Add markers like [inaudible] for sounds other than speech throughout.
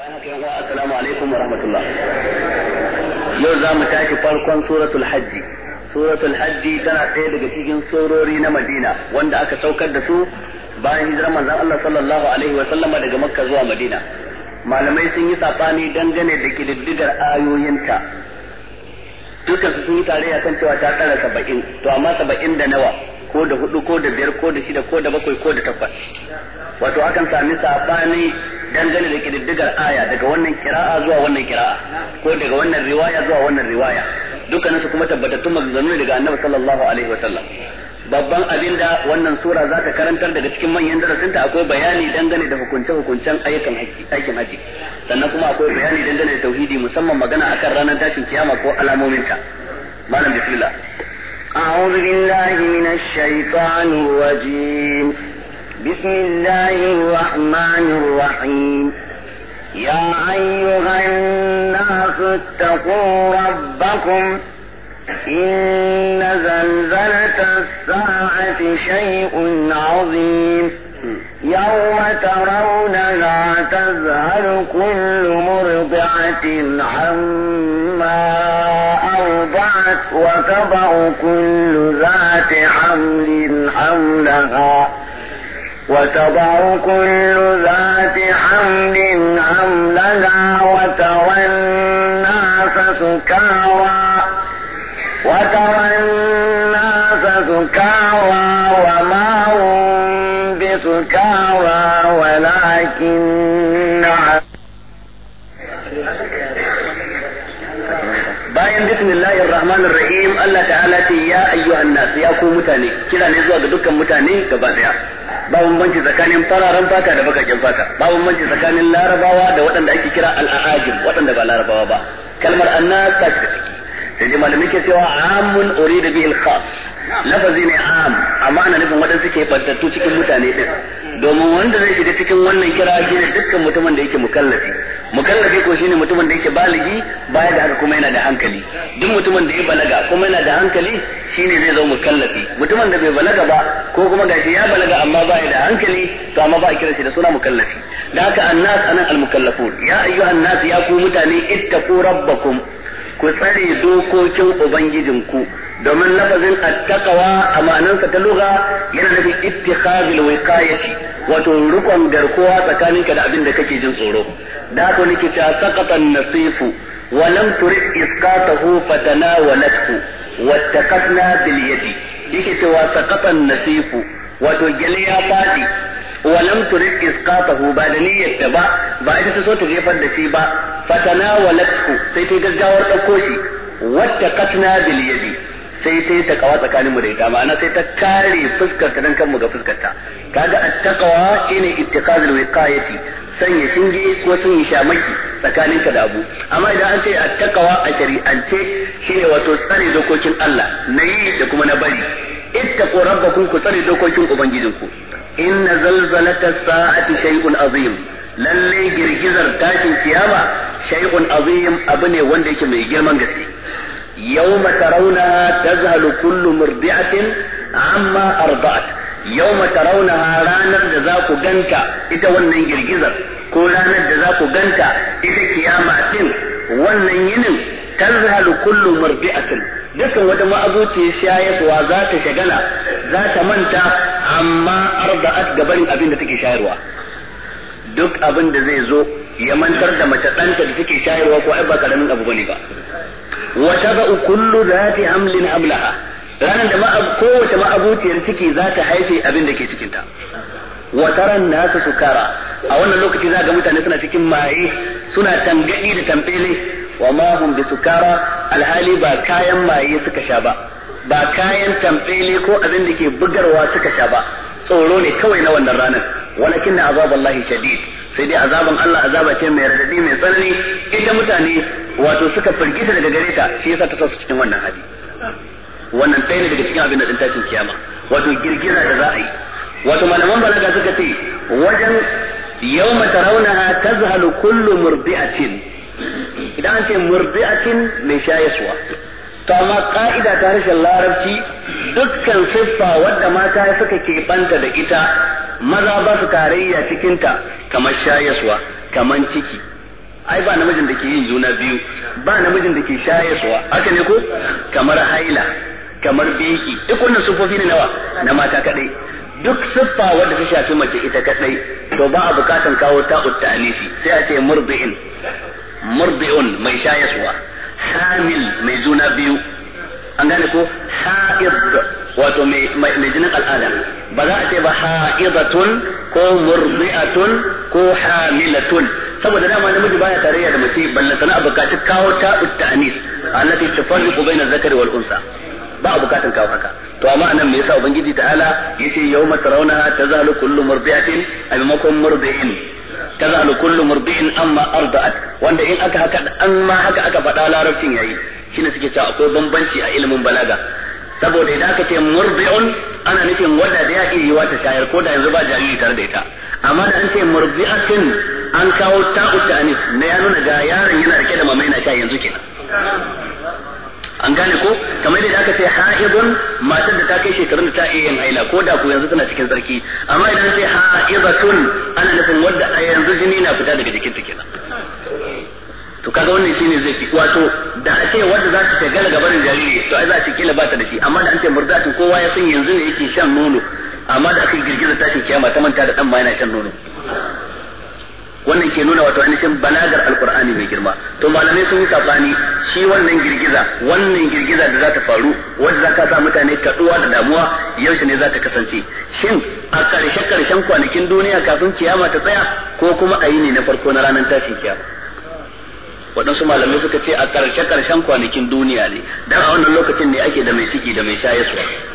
assalamu alaikum wa rahmatullah yau za mu tashi farkon suratul hajji suratul hajji tana ɗaya daga cikin surori na madina wanda aka saukar da su bayan hijirar manzon Allah sallallahu alaihi wa sallama daga makka zuwa madina malamai sun yi sabani dangane da kididdigar ayoyinta dukkan su sun yi a kan cewa ta tsara saba'in to amma saba'in da nawa ko da hudu ko da biyar ko da shida ko da bakwai ko da takwas wato akan sami sabani dangane da kididdigar aya daga wannan kira'a zuwa wannan kira'a ko daga wannan riwaya zuwa wannan riwaya dukkanin su kuma tabbatattun maganganu daga annabi sallallahu alaihi wasallam babban abin da wannan sura za ta karantar daga cikin manyan darasinta akwai bayani dangane da hukunce-hukuncen ayyukan aikin haji sannan kuma akwai bayani dangane da tauhidi musamman magana akan ranar tashin kiyama ko alamominta malam bismillah أعوذ بالله من الشيطان الرجيم بسم الله الرحمن الرحيم يا أيها الناس اتقوا ربكم إن زلزلة الساعة شيء عظيم يوم ترونها تذهل كل مرضعة عما أرضعت وتضع كل ذات حمل حملها وتضع كل ذات حمل حملها وترى الناس سكارى وترى الناس سكارى وما هم بسكارى ولكن bayan bismillahir rahmanir rahim Allah ta'ala ce ya ayyuhan nas ya ku mutane kira ne zuwa ga dukkan mutane gaba daya ba bambanci tsakanin fararen fata da bakakin fata ba bambanci tsakanin larabawa da waɗanda ake kira al'ajim waɗanda ba larabawa ba kalmar annas ta da ciki sai malamai ke cewa amun urida bihi al-khas lafazi ne am amma ana nufin waɗanda ke bantattu cikin mutane din domin wanda zai shiga cikin wannan kira ne dukkan mutumin da yake mukallafi mukallafi ko shine mutumin da yake baligi baya da haka kuma yana da hankali duk mutumin da ya balaga kuma yana da hankali ne zai zama mukallafi mutumin da bai balaga ba ko kuma gashi ya balaga amma baya da hankali to amma ba a kira shi da suna mukallafi da haka annas anan almukallafun ya ayyuhan nas ya ku mutane ittaqu rabbakum ku tsare dokokin ubangijinku ku domin lafazin attaqwa a ma'anarsa ta lugha yana nufin ittikhazul wiqayati wato rukon garkuwa tsakaninka da abin da kake jin tsoro da ko nake cewa saqatan nasifu wa lam turid isqatahu fatanawalathu wattaqatna bil yadi yake cewa saqatan nasifu wato gele ya fadi wa lam turid isqatahu ba da niyyar ba ba ita ta so ta jefar da shi ba fatanawalathu sai ta gaggawar dauko shi wattaqatna bil yadi sai sai ta kawa tsakanin mu da ita ma'ana sai ta kare fuskar ta dan kanmu ga fuskar ta kaga at-taqwa shine ittikazul wiqayati sanya shinge ko sun yi shamaki tsakanin ka da abu amma idan an ce at-taqwa a shari'ance shine wato tsare dokokin Allah na yi da kuma na bari ittaqu rabbakum ku tsare dokokin ubangijinku inna zalzalata sa'ati shay'un azim lalle girgizar tashin kiyama shay'un azim abu ne wanda yake mai girman gaske يوم ترونها تذهل كل مرضعة عما أرضعت يوم ترونها رانا جزاك جنكا إذا ونن جرجزر ko ranar da za ku ganta ita kiyama din wannan yinin tazhalu kullu marbi'atin dukan wata ma'abuci shayarwa za ta shagala za ta manta amma arba'at gabarin abin da take shayarwa duk abin da zai zo ya mantar da mace ɗanta da take shayarwa ko ai ba karamin abu bane ba wa tada'u kullu zati hamlin amlaha ranar da ma kowace ma'abuciyar ciki za ta haife abin da ke cikinta wa taran nasu sukara a wannan lokaci za ga mutane suna cikin maye suna tangadi da tambele wa ma hum bi sukara alhali ba kayan maye suka sha ba ba kayan tambele ko abin da ke bugarwa suka sha ba tsoro ne kawai na wannan ranar walakin azaballahi shadid sai dai azaban Allah azaba ce mai radadi mai tsanani ita mutane wato suka firgita daga gare ta shi yasa ta sa cikin wannan hali wannan ɗaya daga cikin abin da ɗin tashin kiyama wato girgiza da za a yi wato malaman balaga suka ce wajen yawma tarawnaha tazhalu kullu murdi'atin idan an ce murdi'atin mai shayaswa to amma ka'ida ta rashin larabci dukkan siffa wadda mata suka keɓanta da ita maza ba su tarayya cikinta kamar shayaswa kamar ciki ai ba namijin da ke yin juna biyu ba namijin da ke shayaswa haka ne ko kamar haila kamar biki duk wannan sufofi ne nawa na mata kadai duk siffa wadda ta shafi mace ita kadai to ba a bukatan kawo ta'ut ta'anisi sai a ce murbi'in murbi'un mai shayaswa hamil mai juna biyu an gane ko ha'id wato mai jinin al'ada ba za a ce ba ha'idatun ko murdi'atun ko hamilatun saboda dama namiji baya tarayya da mace balla sana a bukaci kawo ta ta'anis allati tufarriqu bayna zakari wal unsa ba a bukatan kawo haka to amma anan me yasa ubangiji ta'ala yace yawma tarawna tazalu kullu murdi'atin ay makum murdi'in tazalu kullu murbi'in amma arda'at wanda in aka haka an ma haka aka faɗa larabcin yayi shine suke cewa akwai bambanci a ilimin balaga saboda idan aka ce murbi'un ana nufin wadda da ya iya yiwa ta shayar ko da yanzu ba jariri tare da ita amma da an ce murbi'atin an kawo ta'u ta'anis na ya nuna ga yaron yana rike da na sha yanzu kenan an gane ko kamar da aka ce ha'idun matar da ta kai shekarun da ta iya yin haila ko da ku yanzu tana cikin sarki amma idan sai ha'idatun ana nufin wanda a yanzu jini na fita daga jikinta kenan to kaga wannan shine zai fi wato da a ce wanda za ta shagala ga barin jariri to ai za a kila ba ta da shi amma da an ce murdatu kowa ya san yanzu ne yake shan nono amma da aka girgiza tashin kiyama ta manta da dan ma yana shan nono wannan ke nuna wato ainihin balagar alkur'ani mai girma to malamai sun yi sabani shi wannan girgiza wannan girgiza da za ta faru wanda za ka sa mutane kaduwa da damuwa yaushe ne za ta kasance shin a karshe karshen kwanakin duniya kafin kiyama ta tsaya ko kuma a yi ne na farko na ranar tashin kiyama waɗansu malamai suka ce a karshe karshen kwanakin duniya ne dan a wannan lokacin ne ake da mai ciki da mai shayarwa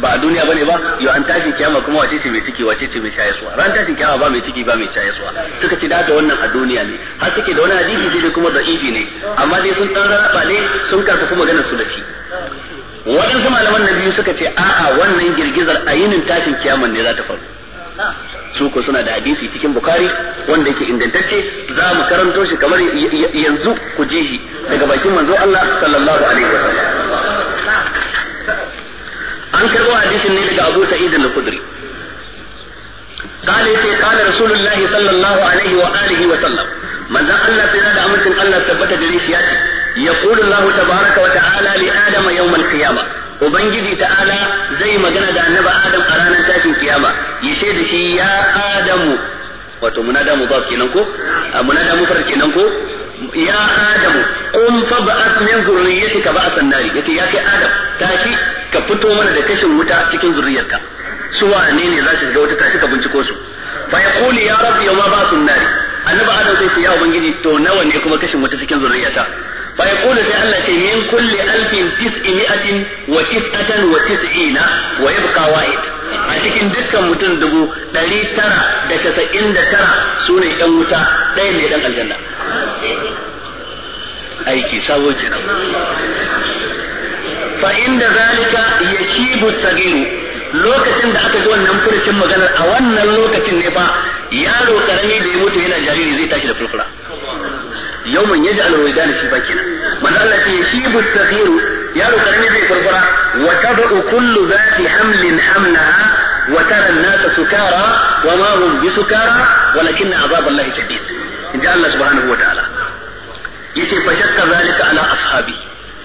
ba a duniya bane ba yau an tashin kiyama kuma wace ce mai ciki wace ce mai suwa ran tashin kiyama ba mai ciki ba mai suwa suka ci da wannan a duniya ne har suke da wani hadisi sai kuma da ifi ne amma dai sun dan raba ne sun karfa kuma ganin su da shi waɗansu malaman na biyu suka ce a'a wannan girgizar a yinin tashin kiyaman ne za ta faru su ko suna da hadisi cikin bukari wanda yake ingantacce za mu karanto shi kamar yanzu ku je shi daga bakin manzo Allah sallallahu alaihi wasallam an karbo hadisin ne daga Abu Sa'id al-Khudri قال يتي قال رسول الله صلى الله عليه وآله وسلم من ذا الله في هذا أمر الله ثبت جريش ياتي يقول الله تبارك وتعالى لآدم يوم القيامة Ubangiji ta'ala zai magana da annaba Adam a ranar tashin kiyama ya ce da shi ya Adamu wato munada mu ba kenan ko munada mu kenan ko ya adamu qum fab'ath min zurriyyatika ba'san nari yake ya kai adam tashi ka fito mana da kashin wuta cikin zuriyarka su wane ne za su ga wuta tashi ka binciko su fa ya kuli ya rabbi ba ba'sun nari annabi adam sai ce ya ubangiji to nawa ne kuma kashin wuta cikin zuriyata fa ya kuli sai Allah ce min kulli alfin tis'imi'atin wa tis'atan wa tis'ina wa yabqa wahid a cikin dukkan mutum dubu ɗari tara da casa'in da tara su ne ɗan wuta ɗaya ne dan aljanna aiki sabo kenan fa inda zalika yakibu sagiru lokacin da aka ji wannan furucin maganar a wannan lokacin ne fa yaro karami da ya mutu yana jariri zai tashi da furfura yawman yaji alwaidani shi ba kenan manzo Allah ce yakibu sagiru yaro karami zai furfura wa tabu kullu zati hamlin hamlaha wa tara an-nas وترى الناس سكارى وما هم بسكارى ولكن عذاب الله شديد Allah subhanahu wa ta'ala yace fa shakka zalika ala ashabi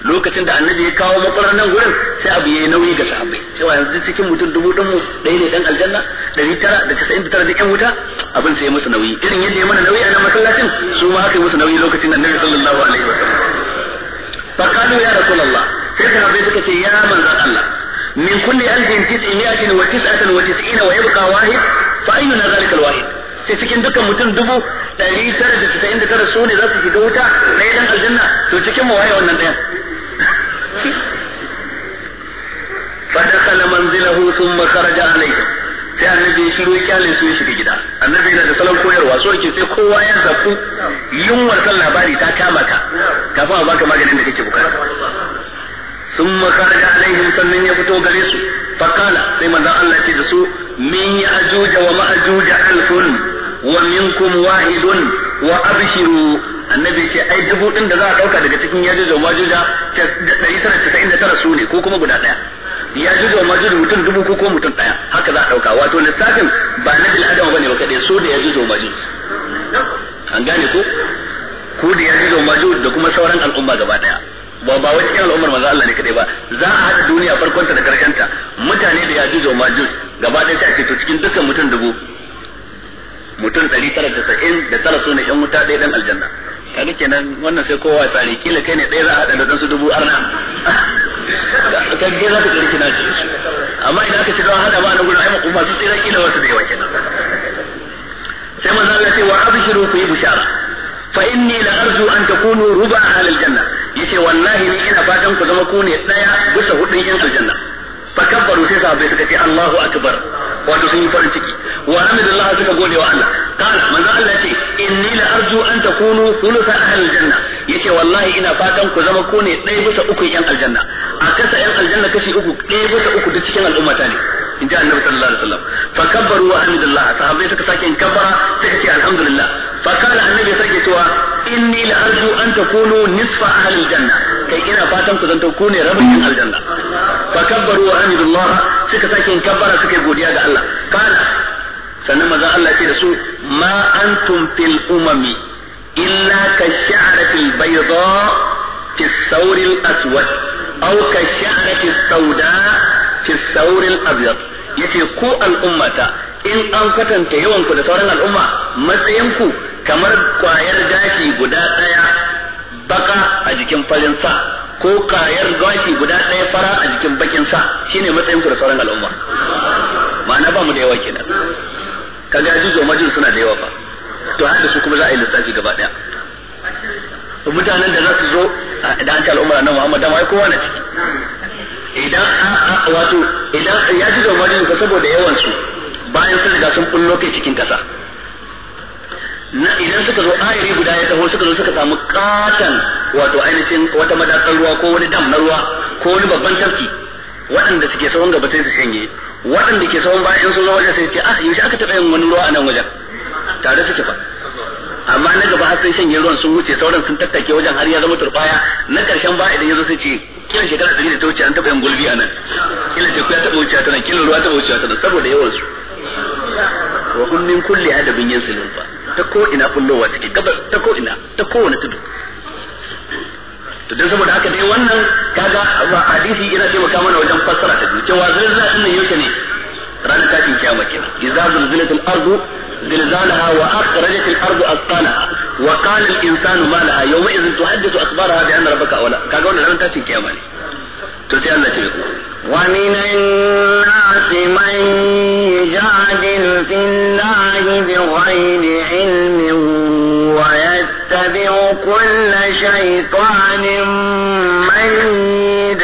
lokacin da annabi ya kawo matsalar nan gurin sai abu yayi nauyi ga sahabbai cewa yanzu cikin mutum dubu din mu ɗaya ne dan aljanna ɗari tara da casa'in da tara da ƴan wuta abin sai musu nauyi irin yadda ya mana nauyi a nan masallacin su ma aka yi musu nauyi lokacin da annabi sallallahu alaihi wa sallam fa qalu ya rasulullah sai sahabbai suka ce ya manzon Allah min kulli alfin tis'imi'atin wa tis'atan wa tis'ina wa yabqa wahid fa ayyuna zalika alwahid sai cikin dukkan mutum dubu ɗari tara da tasa'in da tara su ne za su shiga wuta na ɗan aljanna to cikin mu waye wannan ɗayan. فدخل منزله ثم خرج عليهم sai annabi ya shiru kyale su ya shiga gida annabi yana da salon koyarwa so yake sai kowa ya zaku yunwar kan labari ta kama ka kafin a baka maganin da kake bukata sun makaraja alaihim sannan ya fito gare su fakala sai manzon Allah ce da su min ya ajuja wa ma'ajuja alfun wa minkum wahidun wa abshiru annabi ce ai dubu din da za a dauka daga cikin yajuja da 999 su ne ko kuma guda daya yajuja wa majuja mutum dubu ko ko mutum daya haka za a dauka wato lissafin ba na bil adam bane ba kadai su da yajuja wa majuj. an gane ko ku da yajuja wa majuj da kuma sauran al'umma gaba daya ba ba wai cikin al'ummar manzo Allah ne kade ba za a hada duniya farkonta da karshenta mutane da yajuja wa majuj gaba daya ta ce to cikin dukkan mutum dubu mutum ɗari tara da sa'in da tara su ne ɗan wuta ɗaya ɗan aljanna kaga kenan wannan sai kowa tsari kila kai ne ɗaya za a haɗa da su dubu arna [laughs] ka ga za ka kirki na ci amma idan aka ci za a haɗa ba na gurin ai makuma su tsira kila wasu da yawa kenan sai manzo Allah ce wa abshiru fi bushara fa inni la arju an takunu ruba ahli janna yace wallahi ni ina fatan ku zama ku ne ɗaya bisa hudun yan aljanna fa sai sahabbai suka ce Allahu akbar wato sun yi farin ciki wa hamdulillah suka gode wa Allah kana manzo Allah ce inni la arju an takunu thulutha ahli janna yace wallahi ina fatan ku zama ku ne ɗaya bisa uku yan aljanna a kasa yan aljanna kashi uku ɗaya bisa uku da cikin al'ummata ne in ji annabi sallallahu alaihi wasallam fa kabbaru wa hamdulillah sahabbai suka sake kabbara suka ce alhamdulillah fakala ya sake cewa inni la an takunu nisfa ahli aljanna kai ina fatan suka godiya ga Allah maza Allah ce da su ma ka sha'ratil yace ku in an da sauran al'umma matsayin ku kamar kwayar gashi guda ɗaya baka a jikin farin sa ko kwayar gashi guda ɗaya fara a jikin bakin sa shine matsayin ku da sauran al'umma ma'ana ba mu da yawa kenan ga jizo majin suna da yawa fa to haka su kuma za a yi lissafi gaba ɗaya mutanen da za su zo da an ci al'umma nan Muhammad da mai kowa na ciki idan wato idan ya jizo majin ka saboda yawan su bayan sun riga sun kullo kai cikin kasa na idan suka zo ayari guda ya taho suka zo suka samu katan wato ainihin wata madatsar ruwa ko wani dam na ruwa ko wani babban tafki waɗanda suke sauran gaba sai su shanye waɗanda ke sauran bayan sun zo wajen sai ce ah yaushe aka taɓa yin wani ruwa a nan wajen tare suke fa amma na gaba har sun shanye ruwan sun wuce sauran sun tattake wajen har ya zama turbaya na ƙarshen ba idan ya zo sai ce kiran shekara ɗari da ta wuce an taɓa yin gulbi a nan kila teku ya taɓa wuce a ta nan kila ruwa taɓa wuce a ta nan saboda yawan su wa kullin kulli adabin yansilun fa ta ko ina kullowa take gabas ta ko ina ta kowane tudu to dan saboda haka dai wannan kaga ba hadisi yana taimaka mana wajen fassara ta cewa zalzala din nan yake ne ranar tashin kiyama kenan idza zulzilatil ardu زلزالها واخرجت الارض اثقالها وقال الانسان ما لها يومئذ تحدث اخبارها بان ربك اولى kaga wannan ran tashin kiyama ne to sai Allah ya tabbata ومن الناس من يجادل في الله بغير علم ويتبع كل شيطان مريد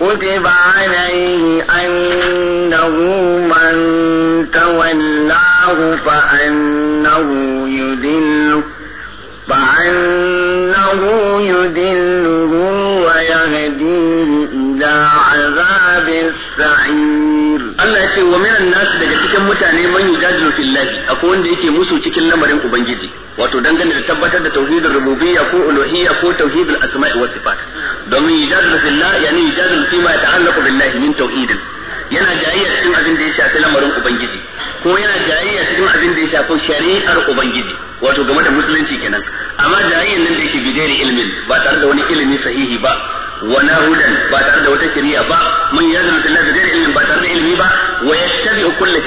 كتب عليه أنه من تولاه فأنه يدل فأنه يدله Allah ya ce wa minan nasu daga cikin mutane man yujadilu fillahi akwai wanda yake musu cikin lamarin ubangiji wato dangane da tabbatar da tauhidul rububiyya ko uluhiyya ko tauhidul asma'i was sifat domin yujadilu fillahi yani yujadilu fima yata'allaqu billahi min tauhidin yana jayayya cikin abin da ya shafi lamarin ubangiji ko yana jayayya cikin abin da ya shafi shari'ar ubangiji wato game da musulunci kenan amma jayayyan nan da yake bidai ilmin ba tare da wani ilimi sahihi ba wala hudan ba tare da wata shari'a ba mun yazana billahi da ilmin ba tare da ilimi ba wa yattabi'u kullu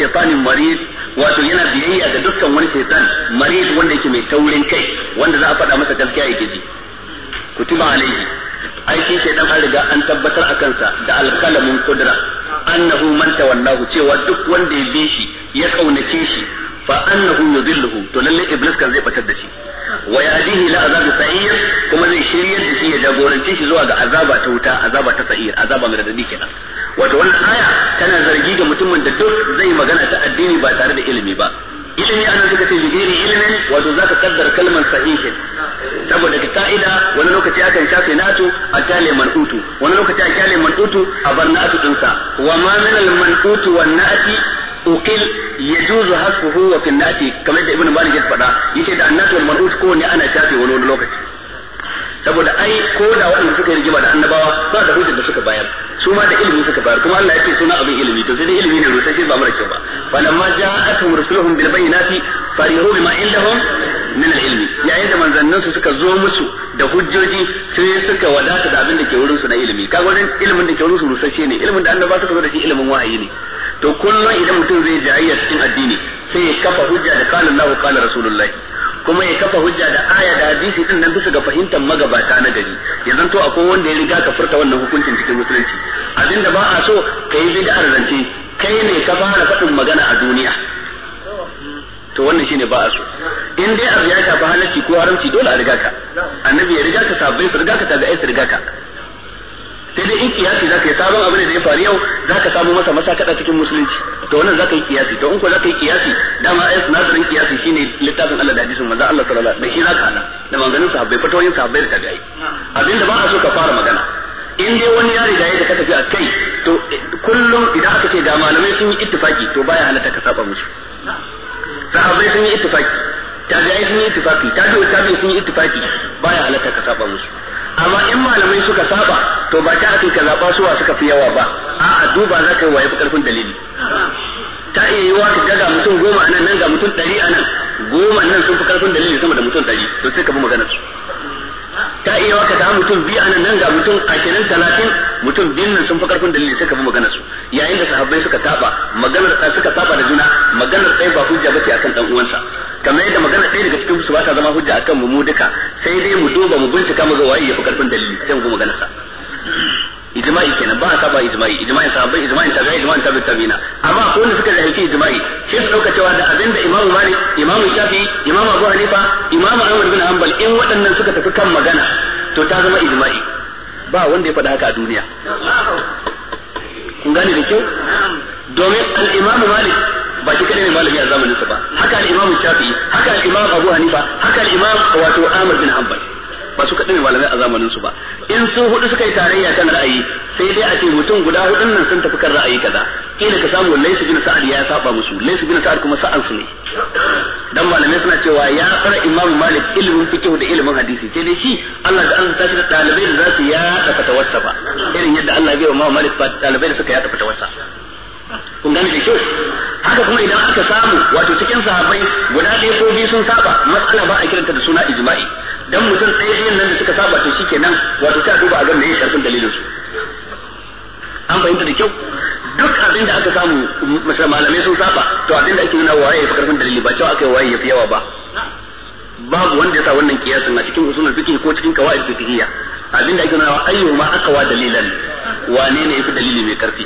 marid wato yana biyayya ga dukkan wani shaytan marid wanda yake mai taurin kai wanda za a faɗa masa gaskiya ya ji kutuba alayhi ai shi shaytan an riga an tabbatar akan sa da alqalamin qudra annahu man tawallahu cewa duk wanda ya bi shi ya kaunace shi fa annahu yudilluhu to lalle iblis kan zai batar da shi wa yahdihi ila azabi sa'ir kuma zai shiryar da shi ya jagorance shi zuwa ga azaba ta wuta azaba ta sa'ir azaba mai radadi kenan wato wannan aya tana zargi ga mutumin da duk zai magana ta addini ba tare da ilimi ba ilimi ana suka ce bigiri ilimin wato zaka kaddara kalmar sahihin saboda ka ka'ida wani lokaci akan shafe natu a kyale man'utu wani lokaci a kyale man'utu a bar na'atu dinsa wa ma min al man'utu wan na'ati uqil yajuzu hasfuhu wa fil nati kamar da ibnu malik ya faɗa yace da annatu wal ko ne ana shafe wani wani lokaci saboda ai ko da waɗanda suka yi rigima da annabawa ba da hujjar da suka bayar su ma da ilimi suka bayar kuma Allah ya ce suna abin ilimi to sai dai ilimi ne rusashe ba mara kyau ba falamma ja'atuhum rusuluhum bil bayyinati farihu bima indahum min al-ilmi yayin da manzannin su suka zo musu da hujjoji sai suka wadata da abin da ke wurin su na ilimi kaga wurin ilimin da ke wurin su rusasshe ne ilimin da annabawa suka zo da shi ilimin wahayi ne to kullum idan mutum zai jayayya cikin addini sai ya kafa hujja da qala Allah qala rasulullahi kuma ya kafa hujja da aya da hadisi din nan bisa ga fahimtar magabata na gari yanzu to akwai wanda ya riga ka furta wannan hukuncin cikin musulunci abinda ba a so kai bid'ar zance kai ne ka fara faɗin magana a duniya to wannan shine ba a so in dai abu ya shafi halarci ko haramci dole a riga ka annabi ya riga ka sabbai su riga ka ta ga ai su riga ka sai dai in kiyasi zaka yi sabon abin da ya faru yau zaka samu masa masa kada cikin musulunci to wannan zaka yi kiyasi to in ko zaka yi kiyasi dama ai sunadarin kiyasi shine littafin Allah da hadisin manzo Allah sallallahu alaihi wasallam da shi zaka hana da manganin sahabbai fatoyin sahabbai da tabi'ai abinda ba a so ka fara magana in dai wani ya riga ya da ka tafi a kai to kullum idan aka ce da malamai sun yi ittifaki to baya halatta ka saba musu sahabai sun yi ittifaki tabi'ai sun yi ittifaki tabi'u tabi'u sun yi ittifaki baya halatta ka saba musu amma in malamai suka saba to ba ta ake ka zaba suwa suka fi yawa ba a'a duba za ka yi waye karfin dalili ta iya yi wa ka ga mutum goma anan nan ga mutum ɗari anan goma nan sun fi karfin dalili sama da mutum ɗari to sai ka bi maganar su ta iya waka ta mutum biyu anan nan ga mutum ashirin talatin mutum biyun nan sun fi karfin dalili sai ka bi magana su yayin da sahabbai suka taba maganar ɗaya suka taba da juna maganar ɗaya ba hujja bace akan dan uwansa kamar yadda maganar ɗaya daga cikin su ba ta zama hujja akan mu duka sai dai mu duba mu bincika mu ga waye yafi karfin dalili sai mu ga maganar sa ijma'i kenan ba a saba ijma'i ijma'in sahabbai ijma'in tabi'i ijma'in tabi'i tabi'ina amma ko wanda suka zahirci ijma'i sai su dauka cewa da abin da imamu malik imamu shafi imamu abu hanifa imamu ahmad bin hanbal in waɗannan suka tafi kan magana to ta zama ijma'i ba wanda ya faɗa haka a duniya kun gane da kyau domin al-imam malik ba shi kadai ne malami a zamanin sa ba haka al-imam shafi'i haka al-imam abu hanifa haka al-imam wato ahmad bin hanbal ba su kadai ne malami a zamanin su ba in su hudu suka yi tarayya kan ra'ayi sai dai a ce mutum guda hudun nan sun tafi kan ra'ayi kaza kila ka samu laysa bin sa'ad ya saba musu laysa bin sa'ad kuma sa'an su ne dan malamai suna cewa ya fara imam malik ilimin fiqh da ilimin hadisi sai dai shi Allah da an ta da dalibai da za su ya ta wasa ba irin yadda Allah ya yi wa imam malik ba dalibai da suka ya ta wasa. kun gane da kyau haka kuma idan aka samu wato cikin sahabbai guda ɗaya ko biyu sun saba matsala ba a kiranta da suna ijma'i dan mutum ɗaya biyun nan da suka saba to shikenan wato ta duba a ga me ya sharfin dalilin su an fahimta da kyau duk abin da aka samu malamai sun saba to abin da ake nuna waye ya fi karfin dalili ba cewa aka yi waye ya fi yawa ba babu wanda ya sa wannan kiyasin a cikin usulul fiqh ko cikin qawaid fiqhiyya abin da ake nuna aka wa dalilan wane ne yafi dalili mai karfi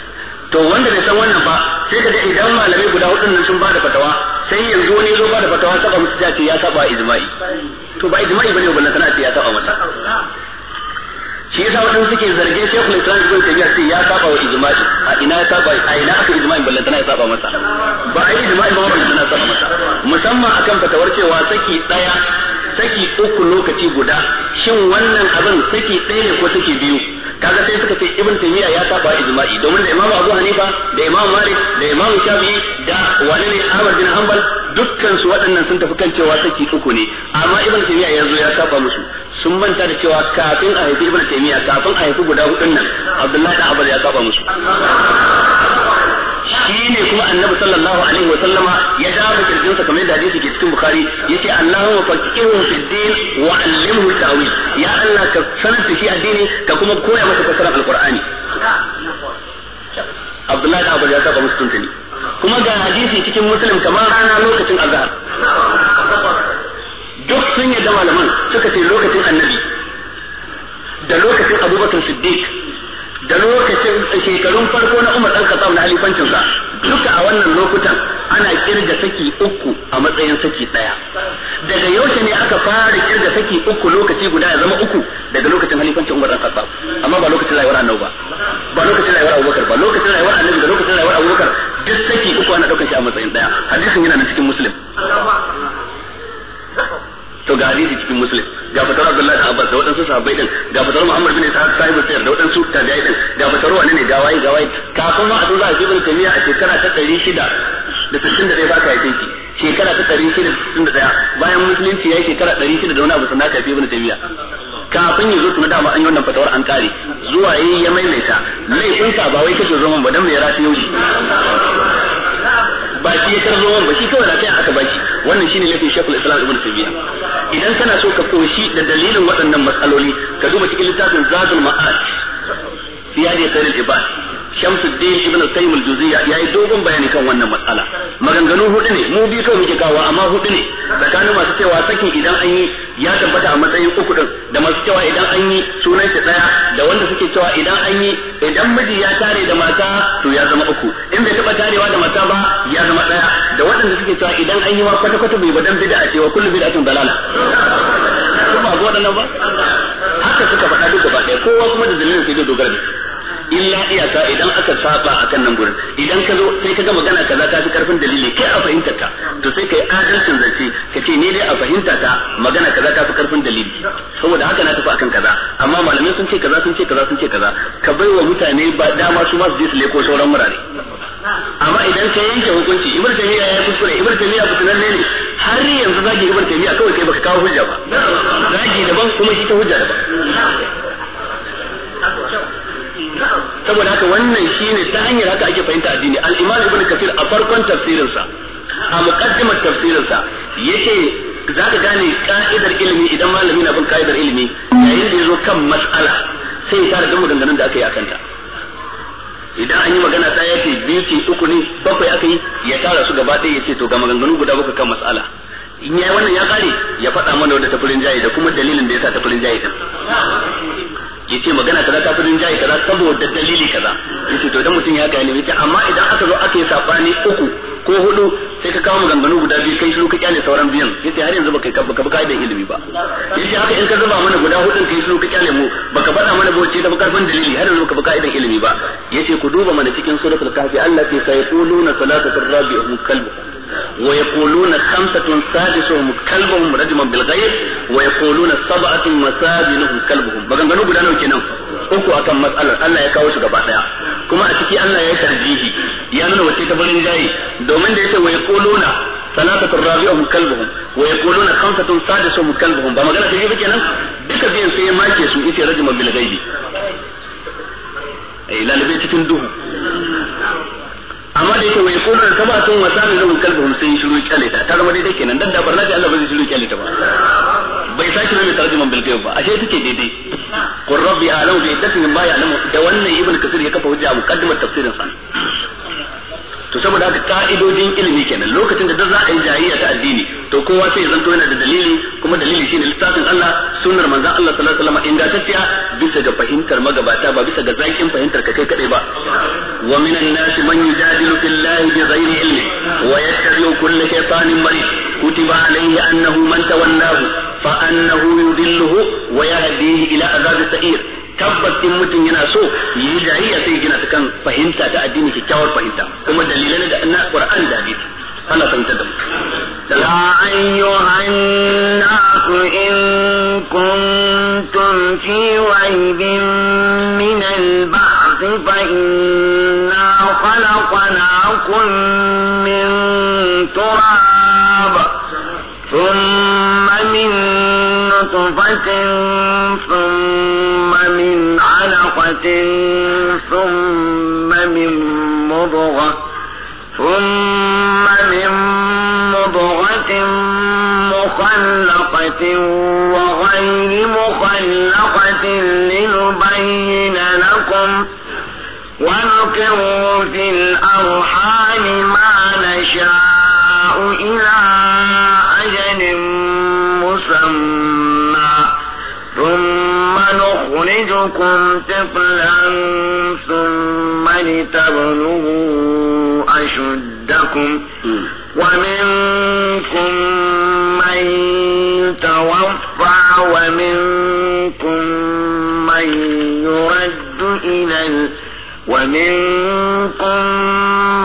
to wanda bai san wannan ba sai ka ga idan malamai guda hudu nan sun ba da fatawa sai yanzu wani zo ba da fatawa saba musu ya ce ya saba ijma'i to ba ijma'i bane wannan kana ce ya saba masa shi yasa wadanda suke zargin shekul islam ibn tayyiya sai ya saba wa ijma'i a ina ya saba a ina aka ijma'i balle tana ya saba masa ba a ijma'i ba balle tana saba masa musamman akan fatawar cewa saki daya saki uku lokaci guda shin wannan abin saki ɗaya ne ko saki biyu kaga sai suka ce ibn tayyiya ya saba ijma'i domin da imamu abu hanifa da imamu malik da imamu shafi'i da wani ne ahmad bin hanbal dukkan su waɗannan sun tafi kan cewa saki uku ne amma ibn tayyiya yanzu ya saba musu sun manta da cewa kafin a haifi ibn taymiya kafin a haifi guda hudun nan abdullahi da abul ya saba musu shi ne kuma annabi sallallahu alaihi wa sallama ya dawo kirjin sa kamar da hadisi ke cikin bukhari yace allahumma faqihu fid din wa allimhu ta'wil ya allah ka sanar da shi addini ka kuma koya masa fasara alqur'ani abdullahi da abul ya saba musu tuntuni kuma ga hadisi cikin muslim kamar rana lokacin azhar duk sun yadda malaman suka ce lokacin annabi da lokacin abubakar siddiq da lokacin shekarun farko na umar ɗan khattab na halifancinsa duka a wannan lokutan ana kirga saki uku a matsayin saki daya daga yaushe ne aka fara kirga saki uku lokaci guda ya zama uku daga lokacin halifancin umar ɗan khattab amma ba lokacin rayuwar annabi ba ba lokacin rayuwar abubakar ba lokacin rayuwar annabi da lokacin rayuwar abubakar duk saki uku ana ɗaukar shi a matsayin ɗaya hadisin yana na cikin musulun. to ga hadisi cikin muslim ga fatar abdullahi da abbas da waɗansu sahabbai din ga fatar muhammad bin isa sahibu sayar da waɗansu tabi'ai din ga fatar wani ne gawayi gawayi kafin ma a za a jibin kamiya a shekara ta ɗari shida da sittin da ɗaya ba ka yi shekara ta ɗari shida da sittin da ɗaya bayan musulunci ya yi shekara ɗari shida da wani abu sannan ka yi ibn tamiya kafin ya zo tuna dama an yi wannan fatawar an kare zuwa yi ya maimaita laifinsa ba wai kashe zoman ba dan mai rafi yau ba shi ya karzo ba shi kawai lafiya aka baki wannan shine lafi shekul islam ibn tabiya idan kana so ka koshi da dalilin waɗannan matsaloli ka duba cikin littafin zadul ma'ad fi hadi khairul ibad shamsuddin ibn al qayyim al-juziyya yayi dogon bayani kan wannan matsala maganganu hudu ne mu bi kawai muke kawo amma hudu ne tsakanin masu cewa sakin idan an yi ya tabbata a matsayin uku din da masu cewa idan an yi sunan shi daya da wanda suke cewa idan an yi idan miji ya tare da mata to ya zama uku suke cewa idan an yi wa kwata kwata bai badan bid'a ce wa kullu bid'atin dalala kuma ga nan ba haka suka faɗa duk ba ɗaya kowa kuma da dalilin sai da dogara illa iyaka idan aka saba akan nan gurin idan ka zo sai ka ga magana kaza ta fi karfin dalili kai a fahimtar ka to sai kai adalcin zance ka ce ne dai a fahimta ta magana kaza ta fi karfin dalili saboda haka na tafi akan kaza amma malamai sun ce kaza sun ce kaza sun ce kaza ka bai wa mutane ba dama su ma su je su leko sauran murare amma idan ka yanke hukunci ta miya ya kuskure ta miya fitinan ne har yanzu ibar ta miya kawai kai baka kawo hujja ba ki daban kuma shi ta hujja daban saboda haka wannan shi ne ta hanyar haka ake fahimta addini al-imam ibnu kathir a farkon tafsirinsa a muqaddimar tafsirinsa yake za ka gane ka'idar ilimi idan malami na bin ka'idar ilimi yayin da ya zo kan mas'ala sai ya tara dukkan maganganun da aka yi kanta. idan an yi magana ta ya ce biyu ce uku ne bakwai aka yi ya tara su gaba ɗaya ya ce to ga maganganu guda bakwai kan matsala in yayi wannan ya kare ya faɗa mana wanda tafurin jayi da kuma dalilin da ya sa tafurin jayi ya ce magana kaza tafurin jayi kaza saboda dalili kaza ce to idan mutum ya gane yace amma idan aka zo aka yi saɓani uku ko hudu sai ka kawo maganganu guda biyu kai shiru ka kyale sauran biyan yace har yanzu baka ka bi kaidan ilimi ba yace haka in ka zuba mana guda hudun kai shiru ka kyale mu baka bada mana ba wace ta karfin dalili har yanzu baka bi kaidan ilimi ba yace ku duba mana cikin suratul kahfi Allah ke sayquluna salatu rabi'uhum kalbuhum ويقولون خمسة سادسهم كلبهم رجما بالغير ويقولون سبعة مسادنهم كلبهم بغنغنو غدانو كينان uku akan matsalar Allah ya kawo su gaba daya kuma a ciki Allah ya yi tarjihi ya nuna wace ta barin jayi domin da yace wa yaquluna ثلاثة رابعهم كلبهم ويقولون خمسة سادسهم كلبهم بما قالت يجيب كنا بك بين سي ما كيسو إتي رجما بالغيب أي لا لبيت تندوه amma da yake mai kunar ta ba sun wasa da zan kalba sun shiru kyale ta ta zama daidai kenan dan da barna da Allah ba zai shiru kyale ta ba bai sake nuna tarjuman bil ba ashe take daidai qur rabbi a'lamu bi iddatin ma ya'lamu da wannan ibn kasir ya kafa hujja muqaddimat tafsirin sa to saboda haka ka'idojin ilimi kenan lokacin da duk za a yi jayayya ta addini to kowa sai ya zanto yana da dalili kuma dalili shine littafin Allah sunnar manzon Allah sallallahu alaihi wasallam ingantacciya bisa ga fahimtar magabata ba bisa ga zakin fahimtar ka kai kadai ba wa minan nas man yujadilu fillahi bighairi ilmi wa yattabi'u kulli shaytanin marid kutiba alayhi annahu man tawallahu fa annahu yudilluhu wa yahdihi ila azabi sa'ir tabbas in mutum yana so yi jayayya sai gina ta kan fahimta da addini kyakkyawar fahimta kuma dalilan da na qur'an da hadisi ana ta da mutum ya ayyuhan nasu in kuntum fi raibin min al-ba'th fa inna khalaqnakum min turab ثم من نطفة ثم من مضغة ثم من مضغة مخلقة وغير مخلقة لنبين لكم ونقر في الأرحام ما نشاء إلى أجل مسمى يخرجكم طفلا ثم لتبلغوا أشدكم ومنكم من يتوفى ومنكم من يرد إلى ومنكم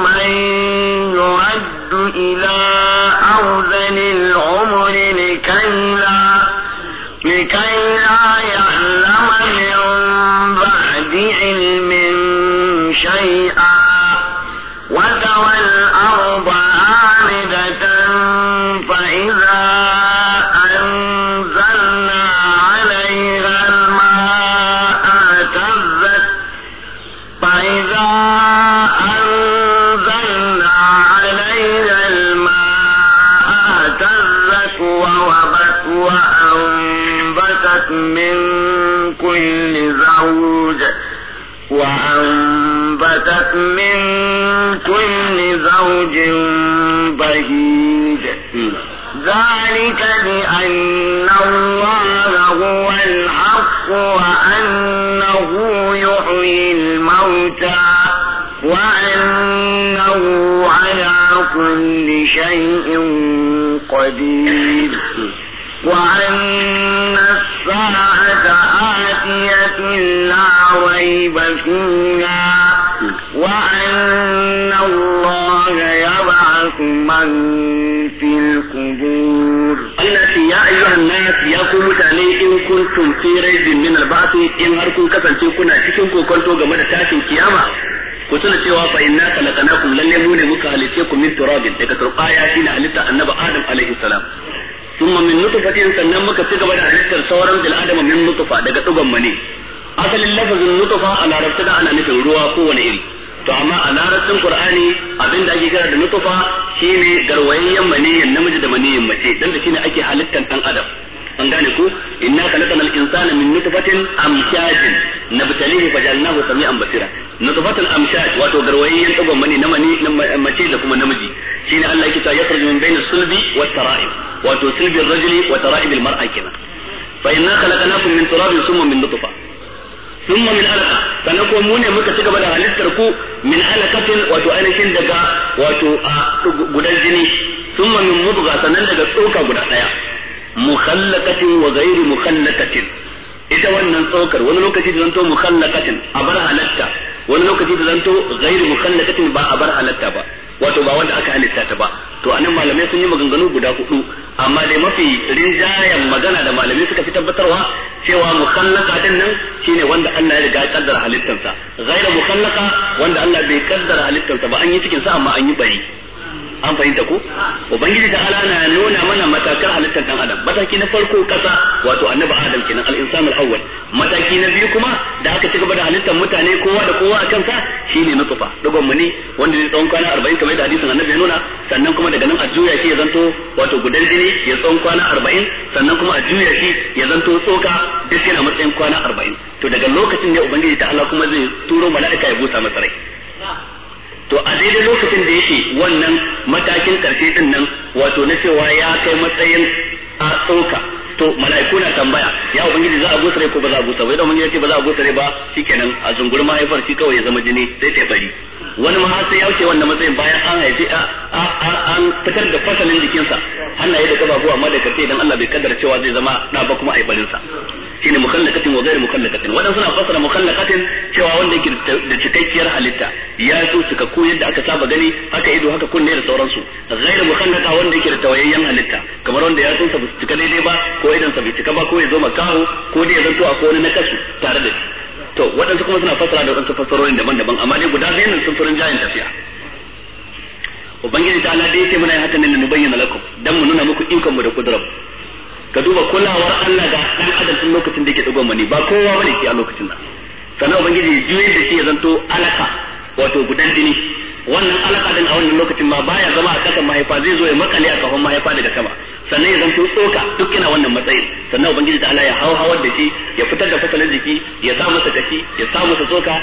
من يرد إلى أرذل العمر لكي لا لكي من كل زوج بهيج ذلك بأن الله هو الحق وأنه يحيي الموتى وأنه على كل شيء قدير وأن الساعة آتية لا ريب فيها أن الله يبعث من في القبور التي يا أيها الناس يقوم تاني إن كنتم في ريب من البعث إن هركم كفن تكون أتكم كنتم قمد تاكم كياما ku tuna cewa fa inna khalaqnakum lalle mu ne muka halitte ku min turabin daga turbaya shine halitta annabi adam alaihi salam thumma min nutfatin muka ci gaba da halittar sauran bil adam min nutfa daga dugon mani asalin lafazin nutfa a larabta ana nufin ruwa kowane iri to amma a larabcin qur'ani abin da ake kira da nutfa shine garwayayyen maniyin namiji da maniyin mace dan da shine ake halittar dan adam an gane ku inna khalaqnal insana min nutfatin amshajin nabtalihi fajalnahu sami'an basira nutfatul amshaj wato garwayayyen tsugon mani na mani mace da kuma namiji shine Allah yake ta yakhruju min bayna sulbi wat tara'ib wato sulbi ar-rajuli wa tara'ib al-mar'a kenan fa inna khalaqnakum min turabin thumma min nutfa thumma min alaqa sanako mu ne muka ci da halittar ku min alaqatin wato ainihin daga wato a gudan jini thumma min mudgha sanan daga tsoka guda daya mukhallaqatin wa ghairu mukhallaqatin ita wannan tsokar wani lokaci da zanto mukhallaqatin a bar halatta wani lokaci da zanto ghairu mukhallaqatin ba a bar halatta ba wato ba wanda aka halitta ta ba to anan malamai sun yi maganganu guda hudu amma dai mafi rinjayen magana da malamai suka fi tabbatarwa cewa mukhallaka din nan shine wanda Allah ya riga ya kaddara halittarsa ghairu mukhallaka wanda Allah bai kaddara halittarsa ba an yi cikin sa amma an yi bari an fahimta ko ubangiji ta ala na nuna mana matakan halittar dan adam mataki na farko kasa wato annabi adam kenan al insan al awwal mataki na biyu kuma da aka ci gaba da halittar mutane kowa da kowa a kansa shine nutfa dugon ne wanda zai tsawon kwana 40 kamar da hadisin annabi ya nuna sannan kuma daga nan a juya shi ya zanto wato gudan jini ya tsawon kwana 40 sannan kuma a juya shi ya zanto tsoka duk yana matsayin kwana 40 to daga lokacin ne ubangiji ta ala kuma zai turo mala'ika ya busa masa rai to a daidai lokacin da yake wannan matakin karshe din nan wato na cewa ya kai matsayin a tsoka to mala'iku na tambaya ya ubangiji za a gusare ko ba za a gusare ba idan mun ce ba za a gusare ba shikenan a zungur mahaifar shi kawai ya zama jini sai ta bari wani ma sai ya wuce wannan matsayin bayan an haifi an fitar da fasalin jikinsa ya da kafafu amma da kace idan Allah bai kaddara cewa zai zama na ba kuma aibarin sa shine mukallaqatin wa ghairu mukallaqatin wadan suna fassara mukallaqatin cewa wanda yake da cikakkiyar halitta ya zo cikakku yadda aka saba gani haka ido haka kunne da sauransu ghairu mukallaqa wanda yake da tawayayyen halitta kamar wanda ya tsunsa su cika daidai ba ko idan sa bai cika ba ko ya zo makaho ko dai ya zanto akwai wani nakasu tare da shi to waɗansu kuma suna fassara da waɗansu fassarorin daban-daban amma dai guda biyan sun furin jayin tafiya ubangiji ta Allah dai yake muna yin haka ne na bayyana lakum dan mu nuna muku ikon mu da kudrar ka duba kulawar Allah ga dan adam tun lokacin da yake dugon mani ba kowa bane ke a lokacin nan sannan ubangiji juyar da shi ya zanto alaka wato gudan jini wannan alaka din a wannan lokacin ma baya zama a kasan mahaifa zai zo ya makale a kafan mahaifa daga sama sannan ya zanto tsoka duk yana wannan matsayin sannan ubangiji ta ya hau hawar da shi ya fitar da fasalin jiki ya sa masa kashi ya sa masa tsoka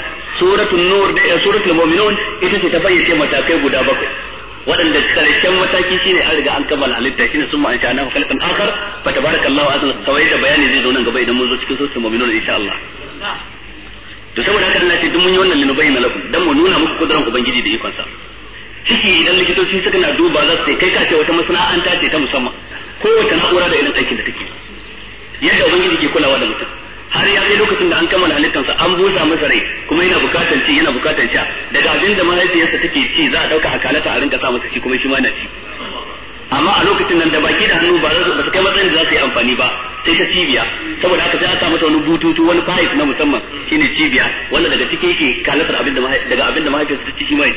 suratul nur da eh, suratul mu'minun ita ce ta bayyace matakai guda bakwai waɗanda karshen mataki shine an riga an kammala halitta shine sun ma'an sha'ana kalkan akhar fa tabarakallahu azza kawai da bayani zai zo nan gaba idan mun zo cikin sosul mu'minun insha Allah to saboda haka Allah ce duk mun yi wannan na lakum dan mu nuna muku kudurar ubangiji da ikon sa ciki idan likitoci suka na duba za su kai kace wata masana'anta ce ta musamman kowace na'ura da irin aikin da take yadda ubangiji ke kulawa da mutum har ya kai lokacin da an kammala halittansa an busa masa rai kuma yana bukatar ci yana bukatar sha daga abin da mahaifiyarsa take ci za a dauka akalata a rinka sa masa ci kuma shi ma na ci amma a lokacin nan da baki da hannu ba za su kai matsayin da za su yi amfani ba sai ta cibiya saboda haka sai a sa mata wani bututu wani fahif na musamman shine cibiya wanda daga ciki yake kalatar abin da daga abin da mahaifiyarsa ta ciki mai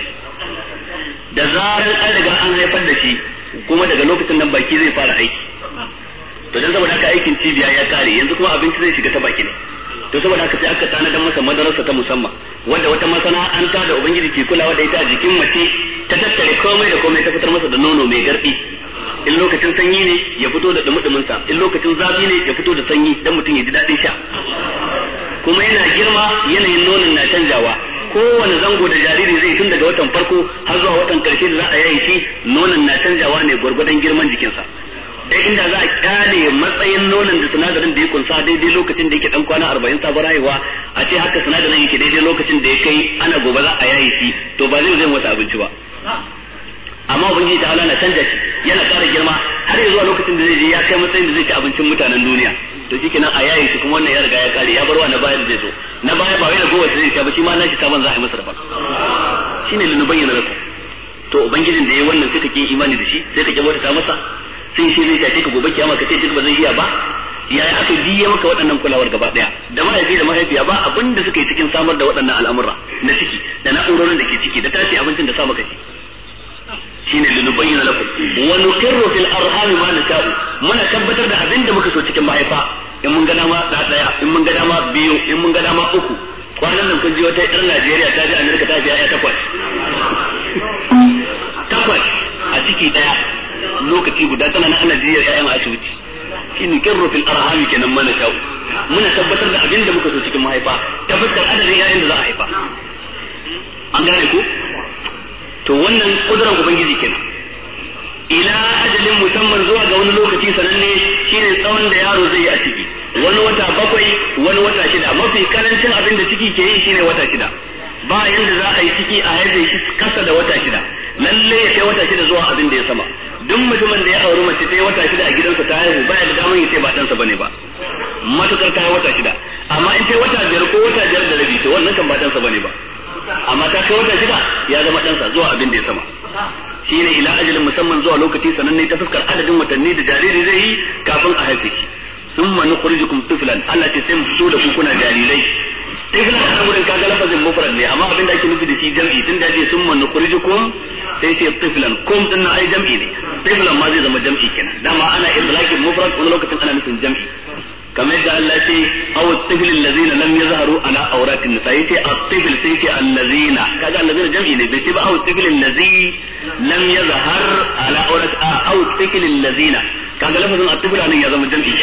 da zarar an riga an haifar da shi kuma daga lokacin nan baki zai fara aiki to dan saboda haka aikin cibiya ya kare yanzu kuma abinci zai shiga ta baki ne to saboda haka sai aka tanadar masa madarasa ta musamman wanda wata masana'anta da ubangiji ke kulawa da ita a jikin mace ta tattare komai da komai ta fitar masa da nono mai garbi in lokacin sanyi ne ya fito da dumudumin sa in lokacin zafi ne ya fito da sanyi dan mutum ya ji dadin sha kuma yana girma yanayin nonon na canjawa kowane zango da jariri zai tun daga watan farko har zuwa watan karshe da za a yayi shi nonon na canjawa ne gwargwadon girman jikinsa da inda za a kyale matsayin nonon da sinadarin da ya kunsa daidai lokacin da yake dan kwana arba'in sabon rayuwa a ce haka sinadarin yake daidai lokacin da ya kai ana gobe za a yayi shi to ba zai zai wata abinci ba amma ubangiji ta na canja shi yana ƙara girma har yanzu a lokacin da zai je ya kai matsayin da zai ci abincin mutanen duniya to shi kenan a yayi shi kuma wannan ya riga ya kare ya bar wa na baya da zai zo na baya ba wai da gowace zai ci ba shi ma nashi sabon za a yi masa daban shine lunubayyana lakum to ubangijin da yayi wannan sai ka imani da shi sai ka bauta masa sai shi zai tafi ka gobe kiyama ka ce duk ba zai iya ba yi aka biye maka waɗannan kulawar gaba ɗaya da mahaifi da mahaifiya ba abin da suka yi cikin samar da waɗannan al'amura na ciki da na'urorin da ke ciki da tashi abincin da sa maka ci shine linubayyana lakum wa nuqirru fil arhami ma nasha'u muna tabbatar da abin da muka so cikin mahaifa in mun ga dama da ɗaya in mun ga dama biyu in mun ga dama uku kwanan nan kun ji wata yar Najeriya ta je Amerika ta biya ya takwas takwas a ciki daya lokaci guda tana na ana jiyar ƴaƴan asibiti shine kin rufin arham kenan mana shau muna tabbatar da abin da muka so cikin mahaifa tabbatar adadin ƴaƴan da za a haifa an gane ku to wannan kudurar ubangiji kenan ila ajalin musamman zuwa ga wani lokaci sananne shine tsawon da yaro zai yi a ciki wani wata bakwai wani wata shida mafi karancin abin da ciki ke yi shine wata shida ba yanda za a yi ciki a haife shi kasa da wata shida lalle ya kai wata shida zuwa abin da ya sama duk mutumin da ya auri mace ta yi wata shida a gidansa ta haihu ba ya da damar yi sai ba ɗansa bane ba matukar ta yi wata shida amma in ta wata biyar ko wata biyar da rabi to wannan kan ba ɗansa bane ba amma ta kai wata shida ya zama ɗansa zuwa abin da ya sama shi ne ila ajalin musamman zuwa lokaci sananne ta fuskar adadin watanni da jariri zai yi kafin a haife shi sun manu kurjukum tufilan Allah ce sai mu fito da ku kuna jarirai ibn a nan wurin kaga lafazin mufrad ne amma abin da ake nufi da shi jam'i tun da ce summa nukhrijukum sai ce tiflan kum din nan ai jam'i ne tiflan ma zai zama jam'i kenan dama ana idlakin mufrad wani lokacin ana nufin jam'i kamar da Allah ce aw tifl allazina lam yazharu ala awratin nisa yace at-tifl sai ce allazina kaga allazina jam'i ne bai ce ba aw tifl allazi lam yazhar ala awrat aw tifl allazina kaga lafazin at-tifl nan ya zama jam'i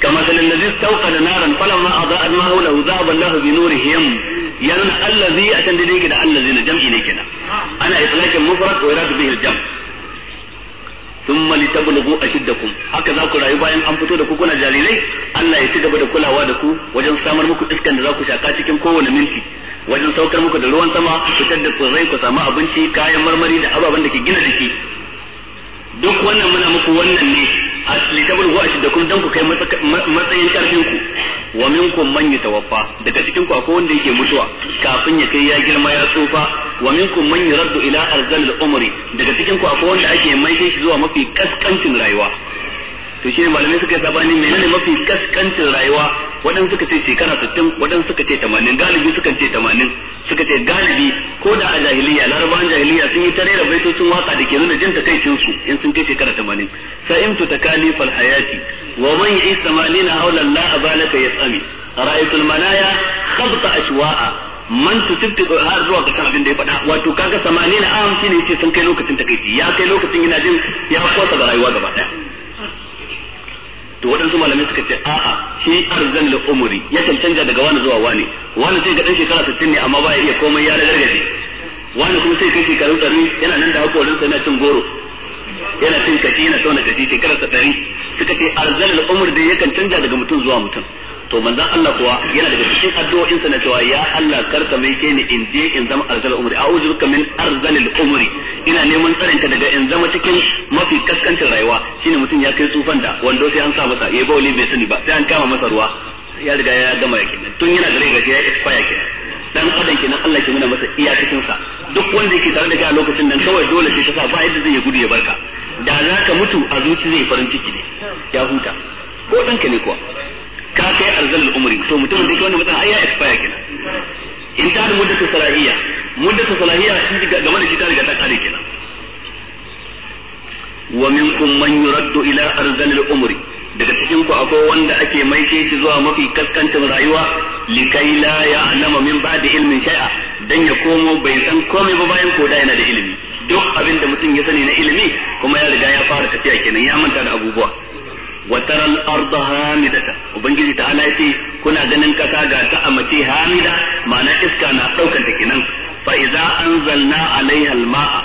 كمثل الذي استوقد نارا فلما أضاءت ما حوله ذهب الله بنورهم يعني الذي أتن لديك الذين جمع إليكنا أنا إطلاق مفرد وإراد به الجمع ثم لتبلغوا أشدكم هكذا ku rayu bayan an fito da ku kuna jarirai Allah ya ci gaba da kulawa da ku wajen samar muku iskan da za ku shaka cikin kowane minti wajen saukar muku da ruwan sama fitar da tsirrai ku samu abinci kayan marmari da ababen da ke gina jiki duk wannan muna muku wannan ne litabul wa da kun dan ku kai matsayin karfin ku wa minkum man yatawaffa daga cikin ku akwai wanda yake mutuwa kafin ya kai ya girma ya tsufa wa minkum man yuraddu ila arzalil umri daga cikin ku akwai wanda ake mai shi zuwa mafi kaskancin rayuwa to shi malamai suka yi sabani menene mafi kaskancin rayuwa waɗansu suka ce shekara 60 waɗansu suka ce 80 galibi suka ce 80 suka ce galibi ko da a jahiliya larabawan jahiliya sun yi tare da baitocin waka da ke nuna jin takaicin su in sun kai shekara 80 sa'imtu fal hayati wa man yi samanina hawla la abalaka yasami ra'aytul manaya khabta ashwa'a man tutibti har zuwa kasan abin da ya faɗa wato kaga 80 am shine yace sun kai lokacin takaici ya kai lokacin ina jin ya kosa da rayuwa gaba daya to waɗansu malamai suka ce a'a shi arzan da umuri ya canza daga wani zuwa wani wani sai ga dan shekara sittin ne amma ba ya iya komai ya ragargaje wani kuma sai kai shekaru ɗari yana nan da haƙorinsa na cin goro yana cin kaci yana tauna kashi shekararsa ɗari suka ce arzan da umuri dai ya canza daga mutum zuwa mutum to manzon Allah kuwa yana daga cikin addu'o'in sa na cewa ya Allah karka mai ke ni in je in zama arzal umri a'udhu bika min arzalil umri ina neman tsarin daga in zama cikin mafi kaskancin rayuwa shine mutum ya kai tsufan da wando sai an sa masa ya bauli bai sani ba sai an kama masa ruwa ya riga ya gama yake tun yana da rai ya expire kenan dan adam kenan Allah ke nuna masa iyakacin sa duk wanda yake tare da kai a lokacin nan kawai dole sai ka sa ba yadda zai ya gudu ya barka da za ka mutu a zuci zai farin ciki ne ya huta ko danka ne kuwa ka kai arzal umri to mutumin da yake wannan matsayin ai ya expire kenan in ta muddatu salahiyya muddatu salahiya shi game da shi ta riga ta kare kenan wa minkum man yuraddu ila arzal umri daga cikin ku akwai wanda ake maishe shi zuwa mafi kaskantin rayuwa likai la ya'lamu min ba'di ilmin shay'a dan ya komo bai san komai ba bayan ko da yana da ilimi duk abin da mutum ya sani na ilimi kuma ya riga ya fara tafiya kenan ya manta da abubuwa wa taral arda hamidata ubangiji ta ala yace kuna ganin ƙasa ga ta amace hamida ma'ana iska na daukar ta kenan fa idza anzalna alaiha alma'a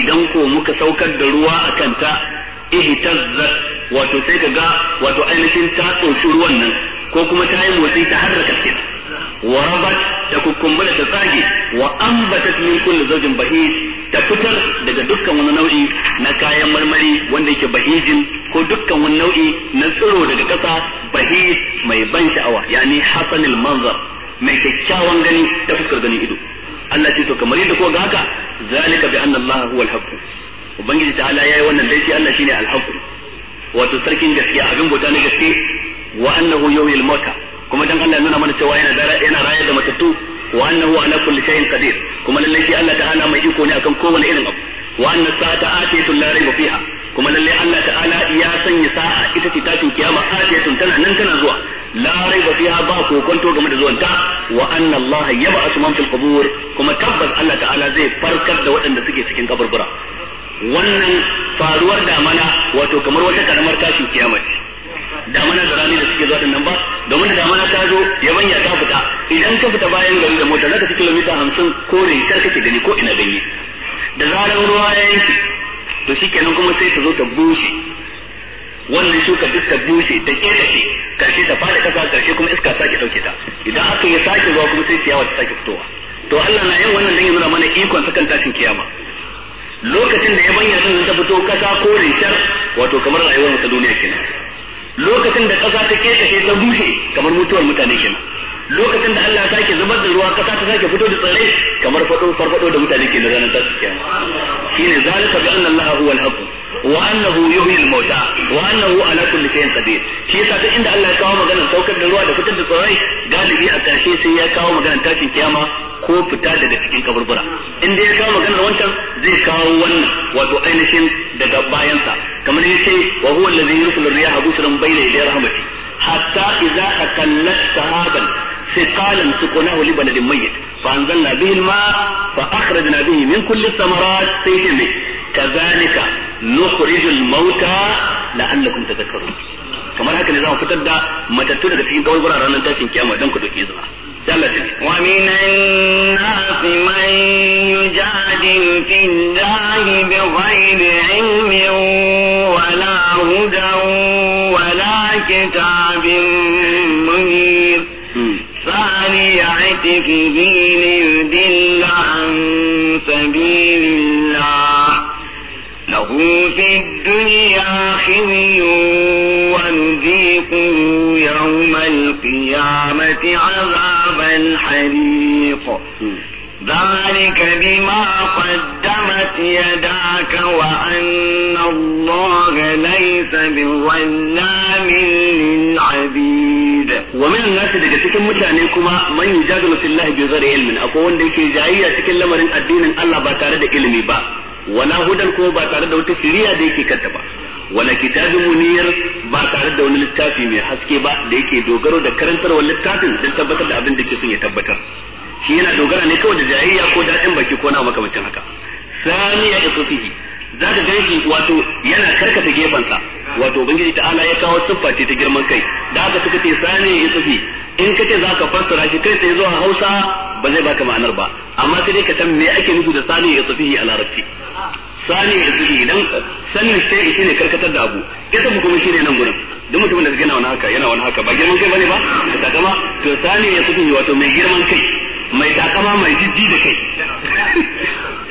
idan ko muka saukar da ruwa akan ta ihtazzat wato sai kaga wato ainihin ta tsoshi ruwan nan ko kuma ta yi motsi ta harraka kenan wa rabat ta ta tsage wa ambatat min kulli zawjin bahij ta fitar daga dukkan wani nau'i na kayan marmari wanda yake bahijin ko dukkan wani nau'i na tsiro daga ƙasa bahij mai ban sha'awa yani hasanil manzar mai kyakkyawan gani ta fuskar ganin ido Allah ce to kamar yadda ko ga haka zalika bi anna Allah huwa al-haqq ubangiji ta'ala yayi wannan dai shi Allah shine al-haqq wato sarkin gaskiya abin bota na gaske wa annahu yawmil mauta kuma dan Allah ya nuna mana cewa yana yana rayar da matattu wa annahu ala kulli shay'in qadir kuma lalle Allah ta'ala mai iko ne akan kowane irin abu wa anna sa'ata atiyatun la rayba fiha kuma lalle Allah ya sanya sa'a ita ce tashin kiyama atiyatun tana nan tana zuwa la rayba fiha ba ko kwanto game da zuwan ta anna Allah yab'athu man fil kuma tabbas Allah ta'ala zai farkar da waɗanda suke cikin kaburbura wannan faruwar damana wato kamar wata karamar tashin kiyama ce damana da rani da suke zuwa nan ba domin da damana ta zo yabanya ta fita idan ka fita bayan gari da mota zaka ci kilomita hamsin ne kar kake gani ko ina ganye da zaran ruwa ya yanke to shikenan kuma sai ta zo ta bushe wannan shuka duk ta bushe ta ketace karshe ta fara kasa karshe kuma iska sake dauke ta idan aka yi sake zuwa kuma sai ciyawa ta sake fitowa to Allah na yin wannan dan ya nuna mana ikon sakan tashin kiyama lokacin da ya bayyana ta fito kasa ko rishar wato kamar rayuwar mu ta duniya kenan lokacin da ƙasa ta ke ta bushe kamar mutuwar mutane kenan lokacin da Allah sake zubar da ruwa ƙasa ta sake fito da tsirrai kamar fado farfado da mutane ke da ranar ta kiyama shine zalika bi anna Allah huwa al-haqq wa annahu yuhyi al-mauta wa annahu ala kulli shay'in qadir shi yasa duk inda Allah ya kawo magana saukar da ruwa da fitar da tsirrai galibi a ƙarshe sai ya kawo magana tashin kiyama ko fita daga cikin kaburbura inda ya kawo maganar wancan zai kawo wannan wato ainihin daga bayansa kamar yace wa huwa allazi yursilu riyaha bushran bayna yaday rahmati hatta idza aqallat sahaban ثقالا سقناه لبلد ميت فأنزلنا به الماء فأخرجنا به من كل الثمرات سيدنا كذلك نخرج الموتى kamar haka ne za fitar da matattu daga cikin kawai ranar tashin kiyama don ku doki zuwa ومن الناس من يجادل في الله بغير علم ولا هدى ولا كتاب منير ثاني عتقه ليضل عن سبيل الله له في الدنيا خوي ونذيقه يوم القيامة عذاب الحريق ذلك بما قدمت يداك وأن الله ليس بظلام للعبيد ومن الناس اللي إذا جاتك متعنيكما من يجادل في الله بغير علم أقول لك جاية تكلم الدين أن الله بكارد إلمي بقى wala hudan ko ba tare da wata shiriya da yake kanta ba wala kitabin muniyar ba tare da wani littafi mai haske ba da yake dogaro da karantarwar littafin don tabbatar da abin da ke son ya tabbatar shi yana dogara ne kawai da jayayya ko daɗin baki ko na makamacin haka saniya da sufihi za ka gani wato yana karkata gefensa wato ubangiji ta'ala ya kawo siffa ce ta girman kai da aka suka ce saniya ya sufi in kace za ka fassara shi kai tsaye zuwa hausa ba zai baka ma'anar ba amma sai dai ka san me ake nufi da sani ya tsafihi a larabci sani ya tsafihi dan sanin sai shi ne karkatar da abu ita mu kuma shine nan gurin duk mutumin da yana wani haka yana wani haka ba girman kai bane ba ka kama to sani ya tsafihi wato mai girman kai mai takama mai jiji da kai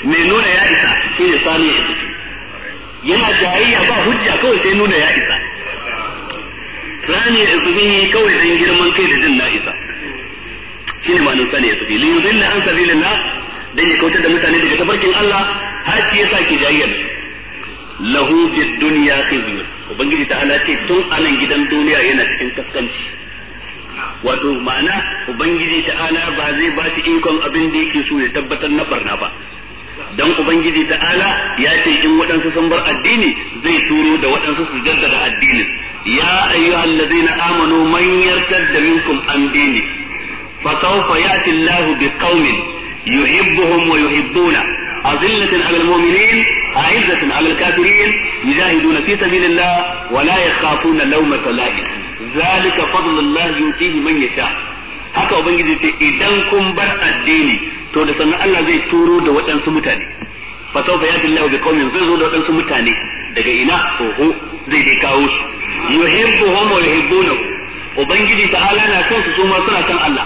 mai nuna ya isa shine sani ya tsafihi yana jayayya ba hujja kawai sai nuna ya isa sani ya tsafihi kawai dan girman kai da jin na isa shi ne ma'anar sani ya tafi liyu na an na dan ya kautar da mutane daga tafarkin Allah har shi yasa ki jayyar lahu fid dunya khizyu ubangiji ta ce tun anan gidan duniya yana cikin kaskanci wato ma'ana ubangiji ala ba zai ba shi ikon abin da yake so ya tabbatar na barna ba dan ubangiji ala ya ce in waɗansu sun bar addini zai turo da waɗansu su jaddada addinin ya ayyuhallazina amanu man yartadda minkum an dini فسوف يأتي الله بقوم يحبهم ويحبونه أذلة على المؤمنين أعزة على الكافرين يجاهدون في سبيل الله ولا يخافون لومة لائم ذلك فضل الله يؤتيه من يشاء haka ubangiji ce idan kun bar addini to da sannan Allah zai turo da waɗansu mutane fa sawfa yati zai zo da waɗansu mutane daga ina oho zai dai kawo su yuhibbuhum wa yuhibbunahu ubangiji ta'ala na son su suma suna son Allah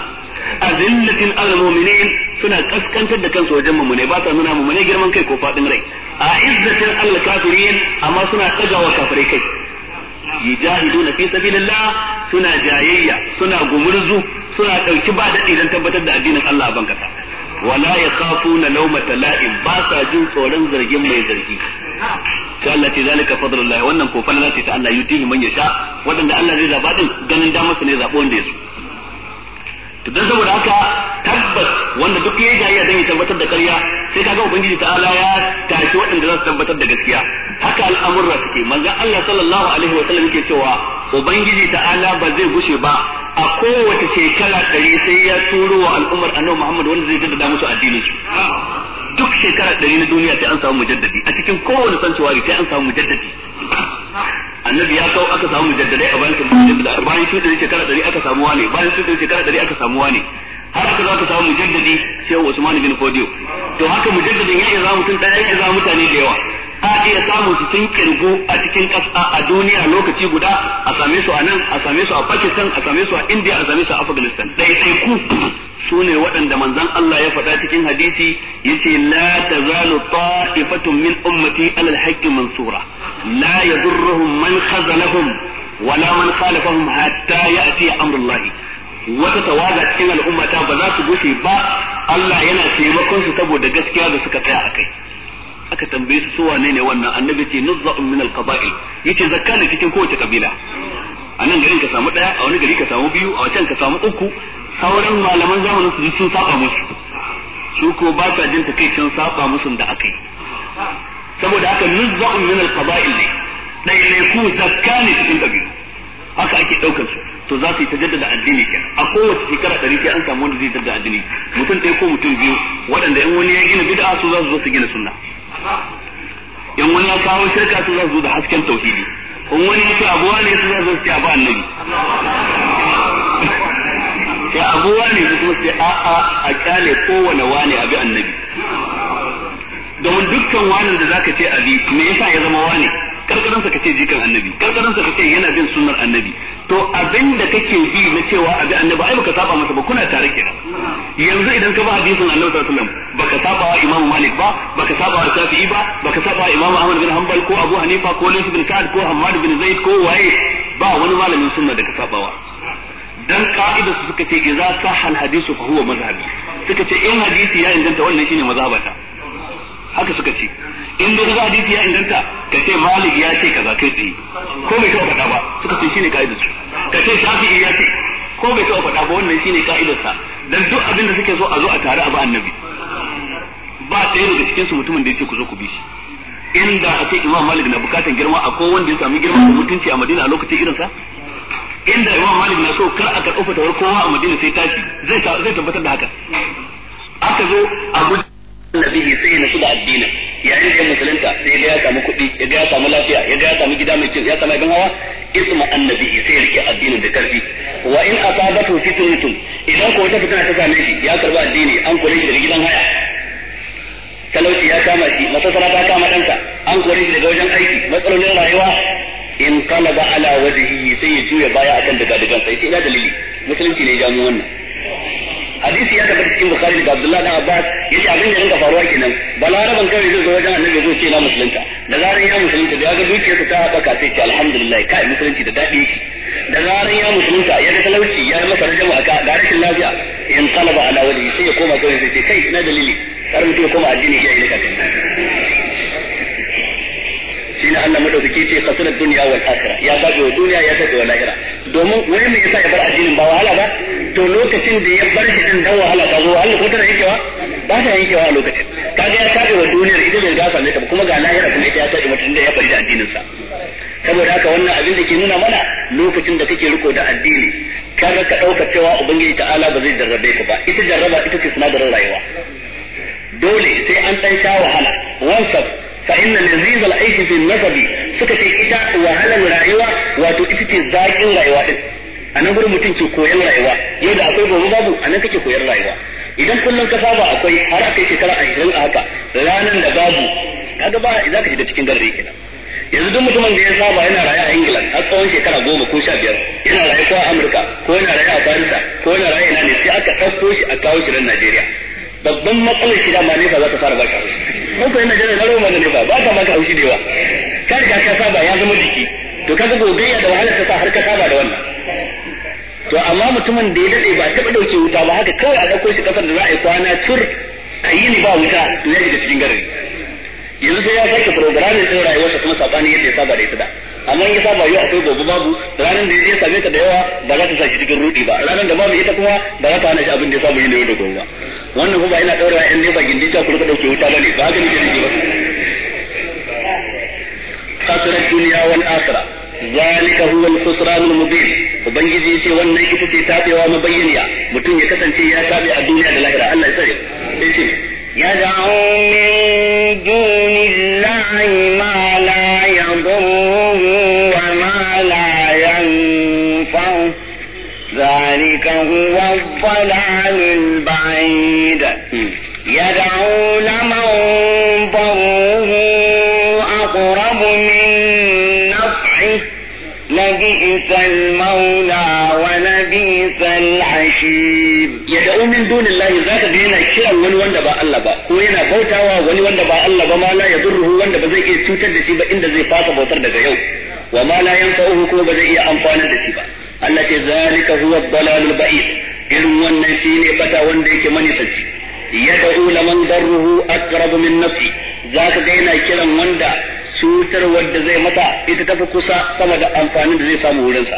azillatin ala mu'minin suna kaskantar da kansu wajen mummune ba sa nuna mummune girman kai ko fadin rai a izzatin ala kafirin amma suna tsagawa kafirai kai yujahiduna fi sabilillah suna jayayya suna gumurzu suna dauki ba dadi dan tabbatar da addinin Allah a bankata wala yakhafuna lawmata la'im ba sa jin tsoron zargin mai zargi ta Allah ce zalika fadlullah wannan kofar ce ta Allah yutihi man yasha wanda Allah zai zaba din ganin damar su ne zabo wanda ya so to saboda haka tabbas wanda duk ya jayya dan ya tabbatar da ƙarya sai kaga ubangiji ta'ala ya tashi waɗanda za su tabbatar da gaskiya haka al'amurra suke manzon Allah sallallahu alaihi wa sallam yake cewa ubangiji ta'ala ba zai gushe ba a kowace shekara ɗari sai ya turo wa al'ummar annabi Muhammad wanda zai jaddada musu addinin su duk shekara ɗari na duniya sai an samu mujaddadi a cikin kowane sanctuary sai an samu mujaddadi annabi ya kawo aka samu mujaddadai a bayan mujaddada bayan shi da shekara dari aka samu wane bayan su da shekara dari aka samu wane har aka za ka samu mujaddadi sai usman bin fodiyo to haka mujaddadin ya iya mutum da ya iya mutane da yawa a iya samun su sun kirgu a cikin kasa a duniya lokaci guda a same su a nan a same su a pakistan a same su a india a same su a afghanistan ku. su ne waɗanda manzan Allah ya faɗa cikin hadisi ya yace la tazalu ta'ifatun min ummati alal haqqi mansura la yadurruhum man khazalahum wala man khalafahum hatta ya'ti amrullahi wata tawaga cikin al'ummata ba za su gushe ba Allah yana taimakon su saboda gaskiya da suka tsaya akai aka tambaye su wane ne wannan annabi ce nuzza'un min al-qaba'il yace zakka ne cikin kowace kabila a nan garin ka samu daya a wani gari ka samu biyu a wancan ka samu uku sauran malaman zamanin su sun saba musu su ko ba sa jin sun saba musu da aka yi saboda haka nuzza'un min al-qaba'il ne ku zakka ne cikin ƙabilu haka ake daukar su to za su yi ta jaddada addini kan a kowace shekara ɗari sai an samu wanda zai jaddada addini mutum ɗaya ko mutum biyu waɗanda in wani ya gina bid'a su za su zo su gina sunna in wani ya kawo shirka su za su zo da hasken tauhidi in wani ya ce abuwa ne su za su zo su ce abu annabi sai abu wane ko kuma sai a'a a kyale kowane wane abi annabi domin dukkan wanan da zaka ce abi me yasa ya zama wane karkaransa ka ce jikan annabi karkaransa ka ce yana bin sunnar annabi to abin da kake bi na cewa abi annabi ai baka saba masa ba kuna tare kenan yanzu idan ka ba hadisin annabi sallallahu alaihi wasallam baka saba wa imamu malik ba baka saba wa shafi'i ba baka saba wa imam ahmad bin hanbal ko abu hanifa ko layth bin ka'ab ko hammad bin zaid ko waye ba wani malamin sunna da ka saba wa dan ka'ida su suka ce idza sahha al-hadisu fa huwa mazhabi suka ce in hadisi ya inganta wannan shine mazhabata haka suka ce in dai ga hadisi ya inganta ka ce malik ya ce kaza kai tsaye ko bai taɓa faɗa ba suka ce shine ka'idar su ka ce shafi'i ya ce ko bai taɓa faɗa ba wannan shine ka'idar sa dan duk abin da suke so a zo a tare a ba annabi ba ɗaya daga cikin su mutumin da yake ku zo ku bi shi inda a ce imam malik na bukatan girma akwai wanda ya sami girma da mutunci a madina a lokacin irinsa inda Imam Malik na so kar a karɓi fatawar kowa a Madina sai tashi zai zai tabbatar da haka aka zo a guji nabihi sai na da addini yayin da musulunta sai ya samu kuɗi ya ya samu lafiya ya ya samu gida mai cin ya samu abin hawa isma annabi sai ya rike addinin da karfi wa in asabatu fitnatun idan ko wata fitna ta same shi ya karba addini an kore shi daga gidan haya talauci ya kama shi masasara ta kama ɗanka an kore shi daga wajen aiki matsalolin rayuwa in ba ala wajhihi sai ya juya baya akan daga daga sai ina dalili musulunci ne ya jamu wannan hadisi ya tabbata cikin bukhari da abdullahi da abbas yace abin da rinka faruwa kenan balaraban kai zai zo wajen annabi zai ce na musulunta da zaran ya musulunta da ya ga duke ta ka sai ce alhamdulillah kai musulunci da dadi yake da zaran ya musulunta ya ga talauci ya masa rajamu a ga rashin lafiya in ba ala wajhihi sai ya koma kawai sai ce kai ina dalili karin mutum ya koma addini ya yi ka kakan shine Allah madaukake ce khasara duniya wal akhirah ya tabi wa duniya ya tabi wa lahira domin wai me yasa ya bar addinin ba wahala ba to lokacin da ya bar shi din da wahala ba zo Allah ko tana yankewa ba ta yankewa a lokacin ga ya tabi wa duniya idan bai gasa ne ta kuma ga lahira kuma ita ya tabi mata tunda ya bar addinin sa saboda haka wannan abin da ke nuna mana lokacin da kake riko da addini kaga ka dauka cewa ubangiji ta'ala ba zai jarrabe ka ba ita jarraba ita ce sinadarin rayuwa dole sai an dan sha wahala wansaf fa inna laziz al-aish fi suka ce ita wahalar rayuwa wato ita ce zakin rayuwa din anan gurin mutum ce koyon rayuwa yau da akwai gobe babu anan kake koyan rayuwa idan kullum ka saba akwai har akai shekara 20 a haka ranan da babu kaga ba za ka shiga cikin garre kenan yanzu duk mutumin da ya saba yana raye a Ingila har tsawon shekara goma ko sha biyar yana rayu ko a Amurka ko yana raye a Farisa ko yana raye a ne sai aka ɗauko shi a kawo shi Najeriya babban matsalar shi dama ne ba za ta fara ba mun koyi najeriya na roma ne ba ba ka maka haushi da yawa ka riga ka saba ya zama jiki to kaga gogayya da wahalar ta sa har ka saba da wannan to amma mutumin da ya dade ba taba dauke wuta ba haka kawai a ɗauko shi ƙasar da za a yi kwana tur a yi ni ba wuta to ya shiga cikin garari yanzu sai ya sake programming ɗin rayuwarsa kuma saɓani yadda ya saba da ita da amma in ya saba yau akwai gobe babu ranar da ya same ka da yawa ba za ta sa shi cikin rudi ba ranar da babu ita kuma ba za ta hana shi abin da ya samu yin da yau da gobe wannan kuma ina ɗaura yan nefa gindi ta ku rika dauke wuta bane ba haka nake nufi ba khasirar duniya wani asira zalika huwa al-khusran al-mubin ubangiji yace wannan ita ce tabewa bayyana mutum ya kasance ya tabe a duniya da lahira Allah ya sare yace yad'u min dunillahi ma la yadurru هو الضلال البعيد يدعو لمن ضره أقرب من نفعه لبئس المولى ولبئس العشير يدعو من دون الله ذاك دينا كيرا wani wanda ba Allah ba ko yana bautawa wani wanda ba Allah ba ma la yadurruhu wanda ba zai iya cutar da shi ba inda zai fasa bautar daga yau wa ma la yanfa'uhu ko ba zai iya amfanar da shi ba Allah ce zalika huwa dalalul ba'id irin wannan shine bata wanda yake da ula man darruhu aqrabu min nafsi zaka ga yana kiran wanda cutar wanda zai mata ita tafi kusa sama da amfanin da zai samu wurinsa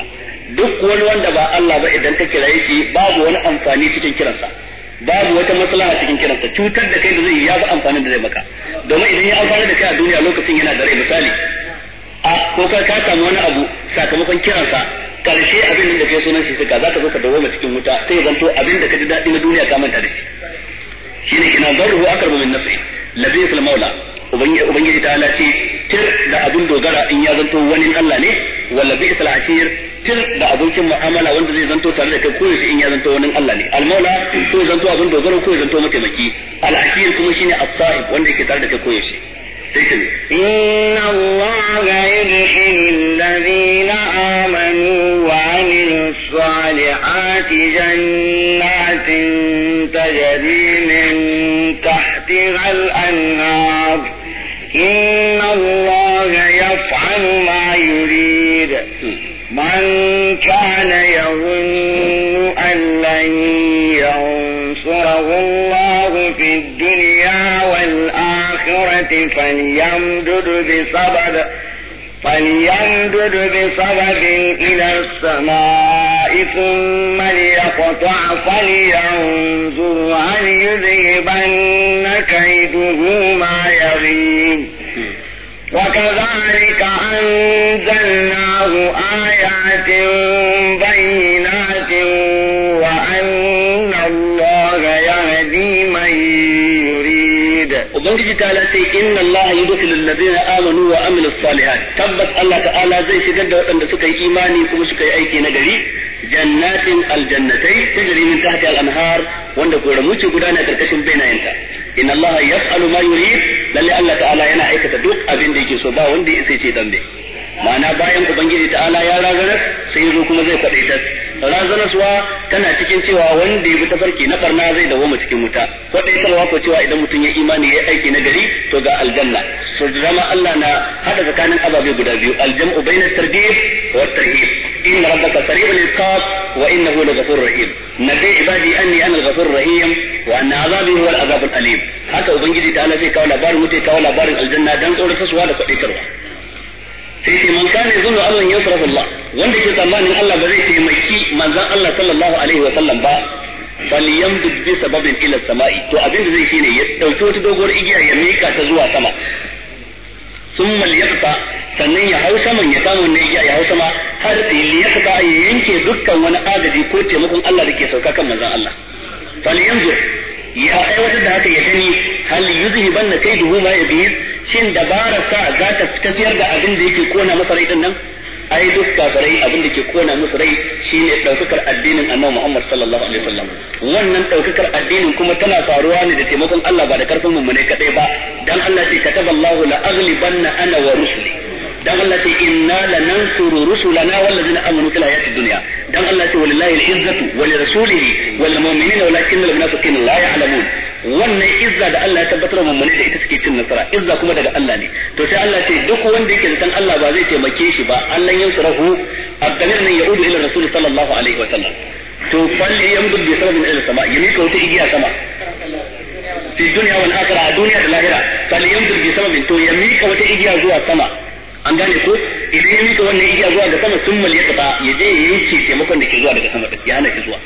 duk wani wanda ba Allah ba idan ka kira shi babu wani amfani cikin kiransa babu wata maslaha cikin kiransa cutar da kai da zai ya fi amfanin da zai maka domin idan ya amfani da kai a duniya lokacin yana da rai misali a ko ka ka samu wani abu sakamakon kiransa karshe abin da ke sunan shi suka zaka zo ka dawo cikin wuta sai ya zanto abin da ka ji daɗi na duniya ka manta da shi shi ne ina zarruhu akrabu min nafsi labiyul maula ubangiji ta ala ce tir da abin dogara in ya zanto wani Allah ne wala bi'sal ashir tir da abokin mu'amala wanda zai zanto tare da kai ko in ya zanto wani Allah ne al maula ko zanto abin dogara ko zanto mataimaki al ashir kuma shine as-sahib wanda yake tare da kai ko إن الله يدخل الذين آمنوا وعملوا الصالحات جنات تجري من تحتها الأنهار إن الله يفعل ما يريد من كان يظن أن لن ينصره الله في الدنيا فليمدد بسبب فليمدد بسبب إلى السماء ثم ليقطع فلينظر هل يذهبن كيده ما يغيب وكذلك أنزلناه آيات بينات ubangiji ta ala sai inna Allah yudkhilu alladhina amanu wa amilu salihat tabbas Allah ta'ala zai shigar da waɗanda suka yi imani kuma suka yi aiki na gari jannatin aljannatai tajri min tahtiha al-anhar wanda goramu ce gudana karkashin bainayenta in Allah yaf'alu ma yurid lalle Allah ta'ala yana aikata duk abin da yake so ba wanda ya sai ce dambe ma'ana bayan ubangiji ta'ala ya ragarar sai yazo kuma zai kwadaitar razanaswa tana cikin cewa wanda ya bi tafarki na barna zai mu cikin wuta wadaitarwa ko cewa idan mutum ya imani ya aiki na gari to ga aljanna so zama Allah na hada tsakanin ababe guda biyu aljam'u bayna targhib wa tarhib inna rabbaka sari'ul iqab wa innahu laghafurur rahim nabi ibadi anni ana al-ghafurur rahim wa anna azabi huwa al alim haka ubangiji ta Allah zai kawo labarin mutai kawo labarin aljanna dan tsoratarwa da kwadaitarwa sai ce man kana yazunnu Allah yasrafu Allah wanda ke tsammanin Allah ba zai taimaki manzon Allah sallallahu alaihi wa sallam ba falyamdud bi sababin ila samai to abin da zai shine ya dauki wata doguwar igiya ya mika ta zuwa sama summa liyaqta sannan ya hau saman ya samu ne igiya ya hau sama har liyaqta ya yanke dukkan wani adadi ko taimakon Allah da ke sauka kan manzon Allah falyamdud ya aiwatar da haka ya gani hal yuzhibanna kaiduhu ma yabiz shin dabara sa za ta tafiyar da abin da yake kona masa rai nan ai duk kafirai abin da ke kona musu rai shine daukakar addinin Annabi Muhammad sallallahu alaihi wasallam wannan daukakar addinin kuma tana faruwa ne da taimakon Allah ba da karfin mu mummune kadai ba dan Allah ce kataballahu la aghlibanna ana wa rusuli dan Allah ce inna lanansuru rusulana wallazina amanu fil hayatid dunya dan Allah ce walillahi al-izzatu wa lirasulihi wal mu'minina walakinna al-munafiqina la ya'lamun wannan izza da Allah ya tabbatar wa mummuni da ita suke cin nasara izza kuma daga Allah ne to sai Allah ce duk wanda yake san Allah ba zai taimake shi ba Allah ya surahu abdalil nan ya udu ila rasul sallallahu alaihi wa sallam to falli yamdu bi sababin ila sama yimi ka wata igiya sama fi dunya wal akhirah dunya da lahira falli yamdu bi sabab to yimi ka wata igiya zuwa sama an gane ko idan yimi ka wannan igiya zuwa ga sama sun mal ya ya je yanke taimakon da ke zuwa daga sama ya hana ki zuwa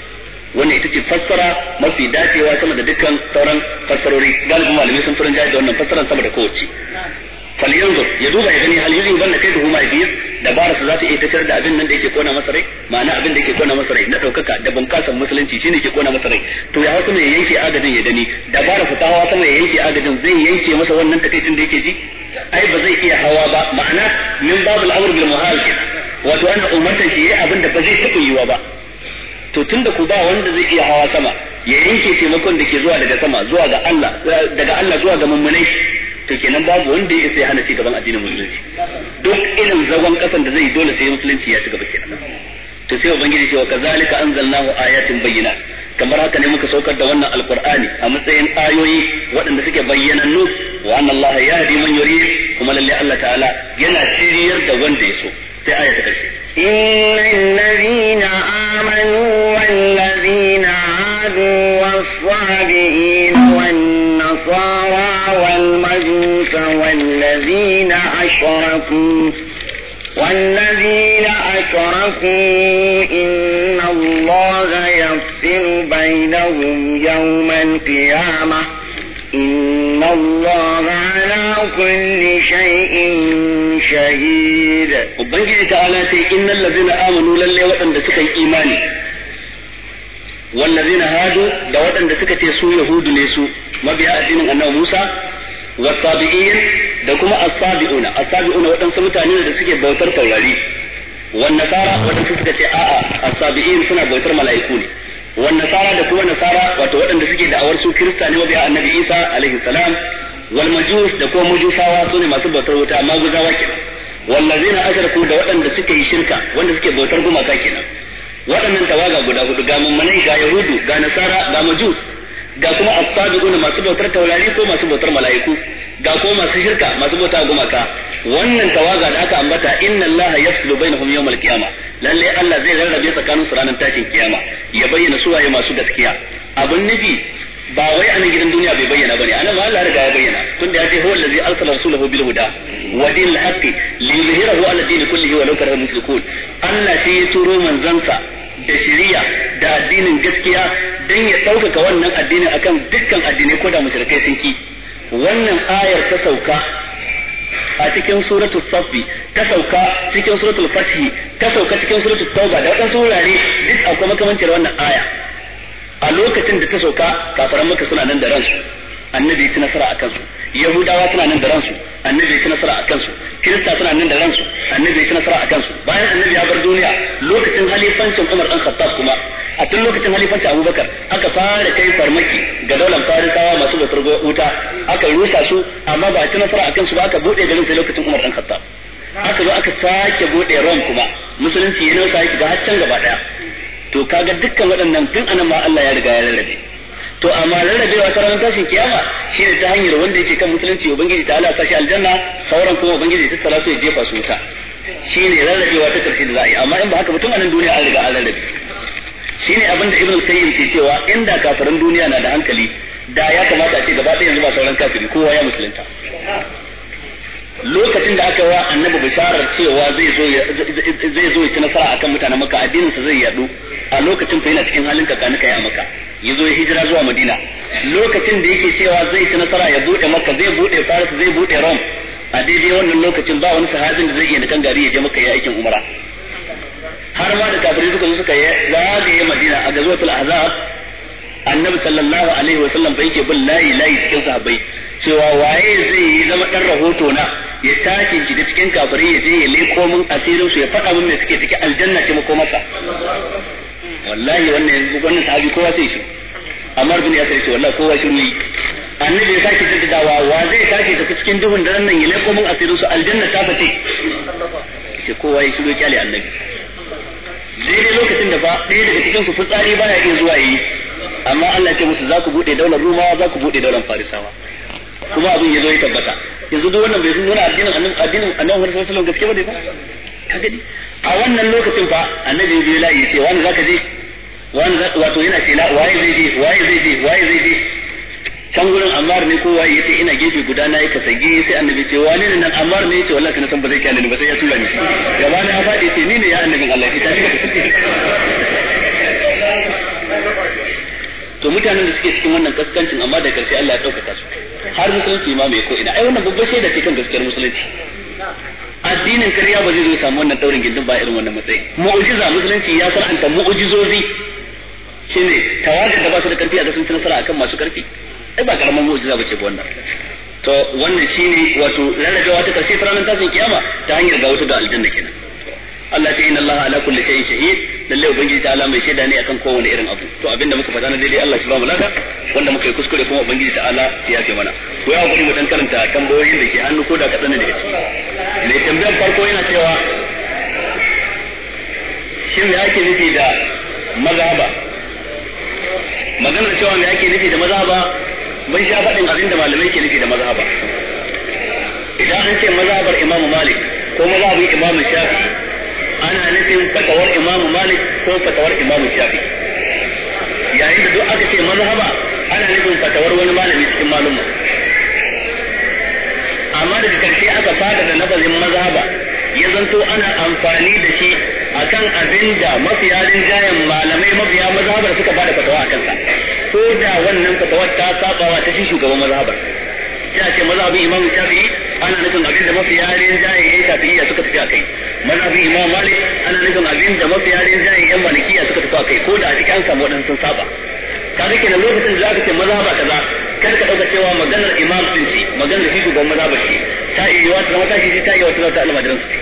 wanda ita ce fassara mafi dacewa sama da dukkan sauran fassarori galibin malamai sun furin jaji da wannan fassaran sama da kowace falyanzur ya duba ya gani yin yuzu ban da kai huma biyu dabara su za ta iya tafiyar da abin nan da yake kona masa rai ma'ana abin da yake kona masa rai na ɗaukaka da bunƙasar musulunci shine ke kona masa rai to ya hausa ya yanke agajin ya gani dabara su ta hawa sama ya yanke agajin zai yanke masa wannan takaicin da yake ji ai ba zai iya hawa ba ma'ana min babul amr bil muhal wato ana umartar shi yayi abin da ba zai taɓa yiwa ba to da ku ba wanda zai iya hawa sama ya yanke taimakon da ke zuwa daga sama zuwa ga Allah daga Allah zuwa ga mummunai to kenan babu wanda ya sai hana cigaban addinin musulunci duk irin zagon kasan da zai dole sai musulunci ya ci gaba kenan to sai ubangiji cewa kazalika anzalnahu ayatin bayyinat kamar haka ne muka saukar da wannan alqur'ani a matsayin ayoyi waɗanda suke bayyanannu wa anna allaha yahdi man yurid kuma lalle Allah ta'ala yana shiryar da wanda ya so sai aya ta karshe إن الذين آمنوا والذين عادوا والصابئين والنصارى والمجوس والذين أشركوا والذين أشركوا إن الله يفصل بينهم يوم القيامة إن إن الله على كل شيء شهيد وبنجي تعالى إن الذين آمنوا للي وطن دسكي إيماني والذين هادوا دا وطن دسكي سو يهود ليسو ما بيها الدين أنه موسى والصابئين da kuma asabi'una asabi'una waɗansu mutane da suke bautar taurari wannan sara waɗansu suka ce a'a asabi'in suna bautar mala'iku ne wa nasara da kuma nasara wato waɗanda suke da'awar su kirista ne mabiya annabi isa alaihi salam wal majus da kuma majusawa su ne masu bautar wuta amma maguzawa kenan wallazina ashraku da waɗanda suke yi shirka wanda suke bautar gumaka kenan waɗannan tawaga guda hudu ga mummunai ga yahudu ga nasara ga majus ga kuma as-sabiqun masu bautar taurari ko masu bautar mala'iku ga kuma masu shirka masu bauta gumaka wannan tawaga da aka ambata inna allaha yafsulu bainahum yawmal qiyamah lalle Allah zai rarrabe tsakanin su ranar tashin kiyama ya bayyana su waye masu gaskiya abin nufi ba wai a gidan duniya bai bayyana bane anan ma Allah riga ya bayyana tunda ya ce huwa allazi arsala rasulahu bil huda wa dinil haqqi liyuzhirahu ala din kullihi wa law karihal mushrikun Allah sai ya turo manzansa da shiriya da addinin gaskiya dan ya ɗaukaka wannan addinin akan dukkan addinai ko da mushrikai sun ki wannan ayar ta sauka a cikin suratul safi ta sauka cikin suratul fathi ta sauka cikin suratul tauba da wadansu wurare duk akwai makamancin wannan aya a lokacin da ta sauka kafaran maka suna nan da ransu annabi ya ci nasara a kansu yahudawa suna nan da ransu annabi ya ci nasara a kansu kirista suna nan da ransu annabi ya nasara a kansu bayan annabi ya bar duniya lokacin halifancin Umar dan Khattab kuma a tun lokacin halifancin Abubakar aka fara kai farmaki ga daular Farisawa masu batar wuta aka rusa su amma ba a ci nasara a kansu ba aka bude garin sai lokacin Umar dan Khattab aka zo aka sake bude Rome kuma musulunci ya nausa ya shiga har can gaba daya to kaga dukkan waɗannan tun anan ma Allah ya riga ya rarrabe to amma rarrabewa ta ranar tashin kiyama shi ne ta hanyar wanda yake kan musulunci ubangiji ta ala sashi aljanna sauran kuma ubangiji ta tsara su ya jefa su wuta shi ne rarrabewa ta karshe da za a yi amma in ba haka mutum a nan duniya an riga an rarrabe shi ne abin da ibnu sayyid ke cewa inda kafirin duniya na da hankali da ya kamata a ce gaba ɗaya yanzu ba sauran kafiri kowa ya musulunta lokacin da aka wa annabi bisharar cewa zai zo zai zo ya nasara akan mutanen maka addinin sa zai yadu a lokacin fa yana cikin halin kakanuka ya maka ya zo ya hijira zuwa madina lokacin da yake cewa zai ci nasara ya bude maka zai bude faris zai bude rom a daidai wannan lokacin ba wani sahabin da zai iya kan gari ya je maka ya aikin umara har ma da kafirai suka zo suka yi zagaye madina a gazwatul ahzab annabi sallallahu alaihi wa sallam bai ke bin layi layi cikin sahabbai cewa waye zai yi zama dan rahoto na ya tashi da cikin kafirai ya je ya leko min asirin su ya faɗa min me suke cikin aljanna ce mako masa wallahi wannan wannan sahabi kowa sai shi Ammar bin Yasir shi wallahi kowa shi ne annabi ya sake dawa wa zai tashi tafi cikin duhun daren nan ya leko min asirin su aljanna ta fice ce kowa ya shigo kyale annabi daidai lokacin da ba ɗaya daga cikin su fitsari baya iya zuwa yi amma Allah ya ce musu za ku buɗe daular Roma za ku buɗe daular Farisawa kuma abin ya zo ya tabbata yanzu duk wannan bai sun nuna addinin annabi addinin annabi Muhammad sallallahu alaihi gaske ba ne ba ka a wannan lokacin fa annabi ya biyo layi ce wani zaka je wani wato yana ce waye zai je waye zai je waye zai je can gurin Ammar ne kowa ya ce ina gefe guda na yi kasage sai annabi ce wani ne nan Ammar ne ya ce wallahi kana san ba zai kyale ni ba sai ya tura ni gaba na faɗi ce ni ne ya annabin Allah ya tafi. to mutanen da suke cikin wannan kaskancin amma da karshe Allah ya ɗaukaka su har musulunci ma mai ko ina ai wannan babbar shaida ce kan gaskiyar musulunci addinin kariya ba zai zo samu wannan daurin gindin ba irin wannan matsayi Mu'ujiza musulunci ya faranta mu'jizozi shine tawagar da ba su da karfi a ga sun ci nasara akan masu karfi ai ba mu'ujiza ba bace ba wannan to wannan shine wato lalabewa ta karshe ranar tashin kiyama ta hanyar ga wasu da aljanna kenan Allah ta inna Allah ala kulli shay'in shahid lalle ubangiji ta Allah mai shaida ne akan kowane irin abu to abinda muka faɗa na daidai Allah shi ba mu lada wanda muka yi kuskure kuma ubangiji ta Allah ya yafe mana ko ya hakuri dan karanta tambayoyin da ke hannu ko da kaɗan ne daga ciki mai tambayar farko yana cewa shin me ake nufi da mazhaba maganar cewa me ake nufi da mazhaba ban sha faɗin abin da malamai ke nufi da mazhaba idan an ce mazhabar imamu malik ko mazhabin imamu shafi ana nufin fatawar imam malik ko fatawar imam shafi yayin da duk aka ce mazhaba ana nufin fatawar wani malami cikin malumma amma daga karshe aka fada da nazarin mazhaba ya zanto ana amfani da shi akan abin da mafiya jayan malamai mafiya mazhabar suka bada fatawa a kansa ko da wannan fatawar ta sabawa ta shi shugaban mazhabar ya ce mazhabin imam shafi ana nufin abin da mafiya rinjayen yan shafi'iyya suka tafi a kai mazhabin imam malik ana nufin abin da mafiya rinjaye yan malikiya suka tafi kai ko da a cikin an samu waɗansu sun saba ka rike da lokacin da za ka ce mazhaba kaza kar ka ɗauka cewa maganar imam sun ce maganar shi shugaban mazhabar shi ta iya yiwa ta zama shi ta iya wata zama ta almajiran su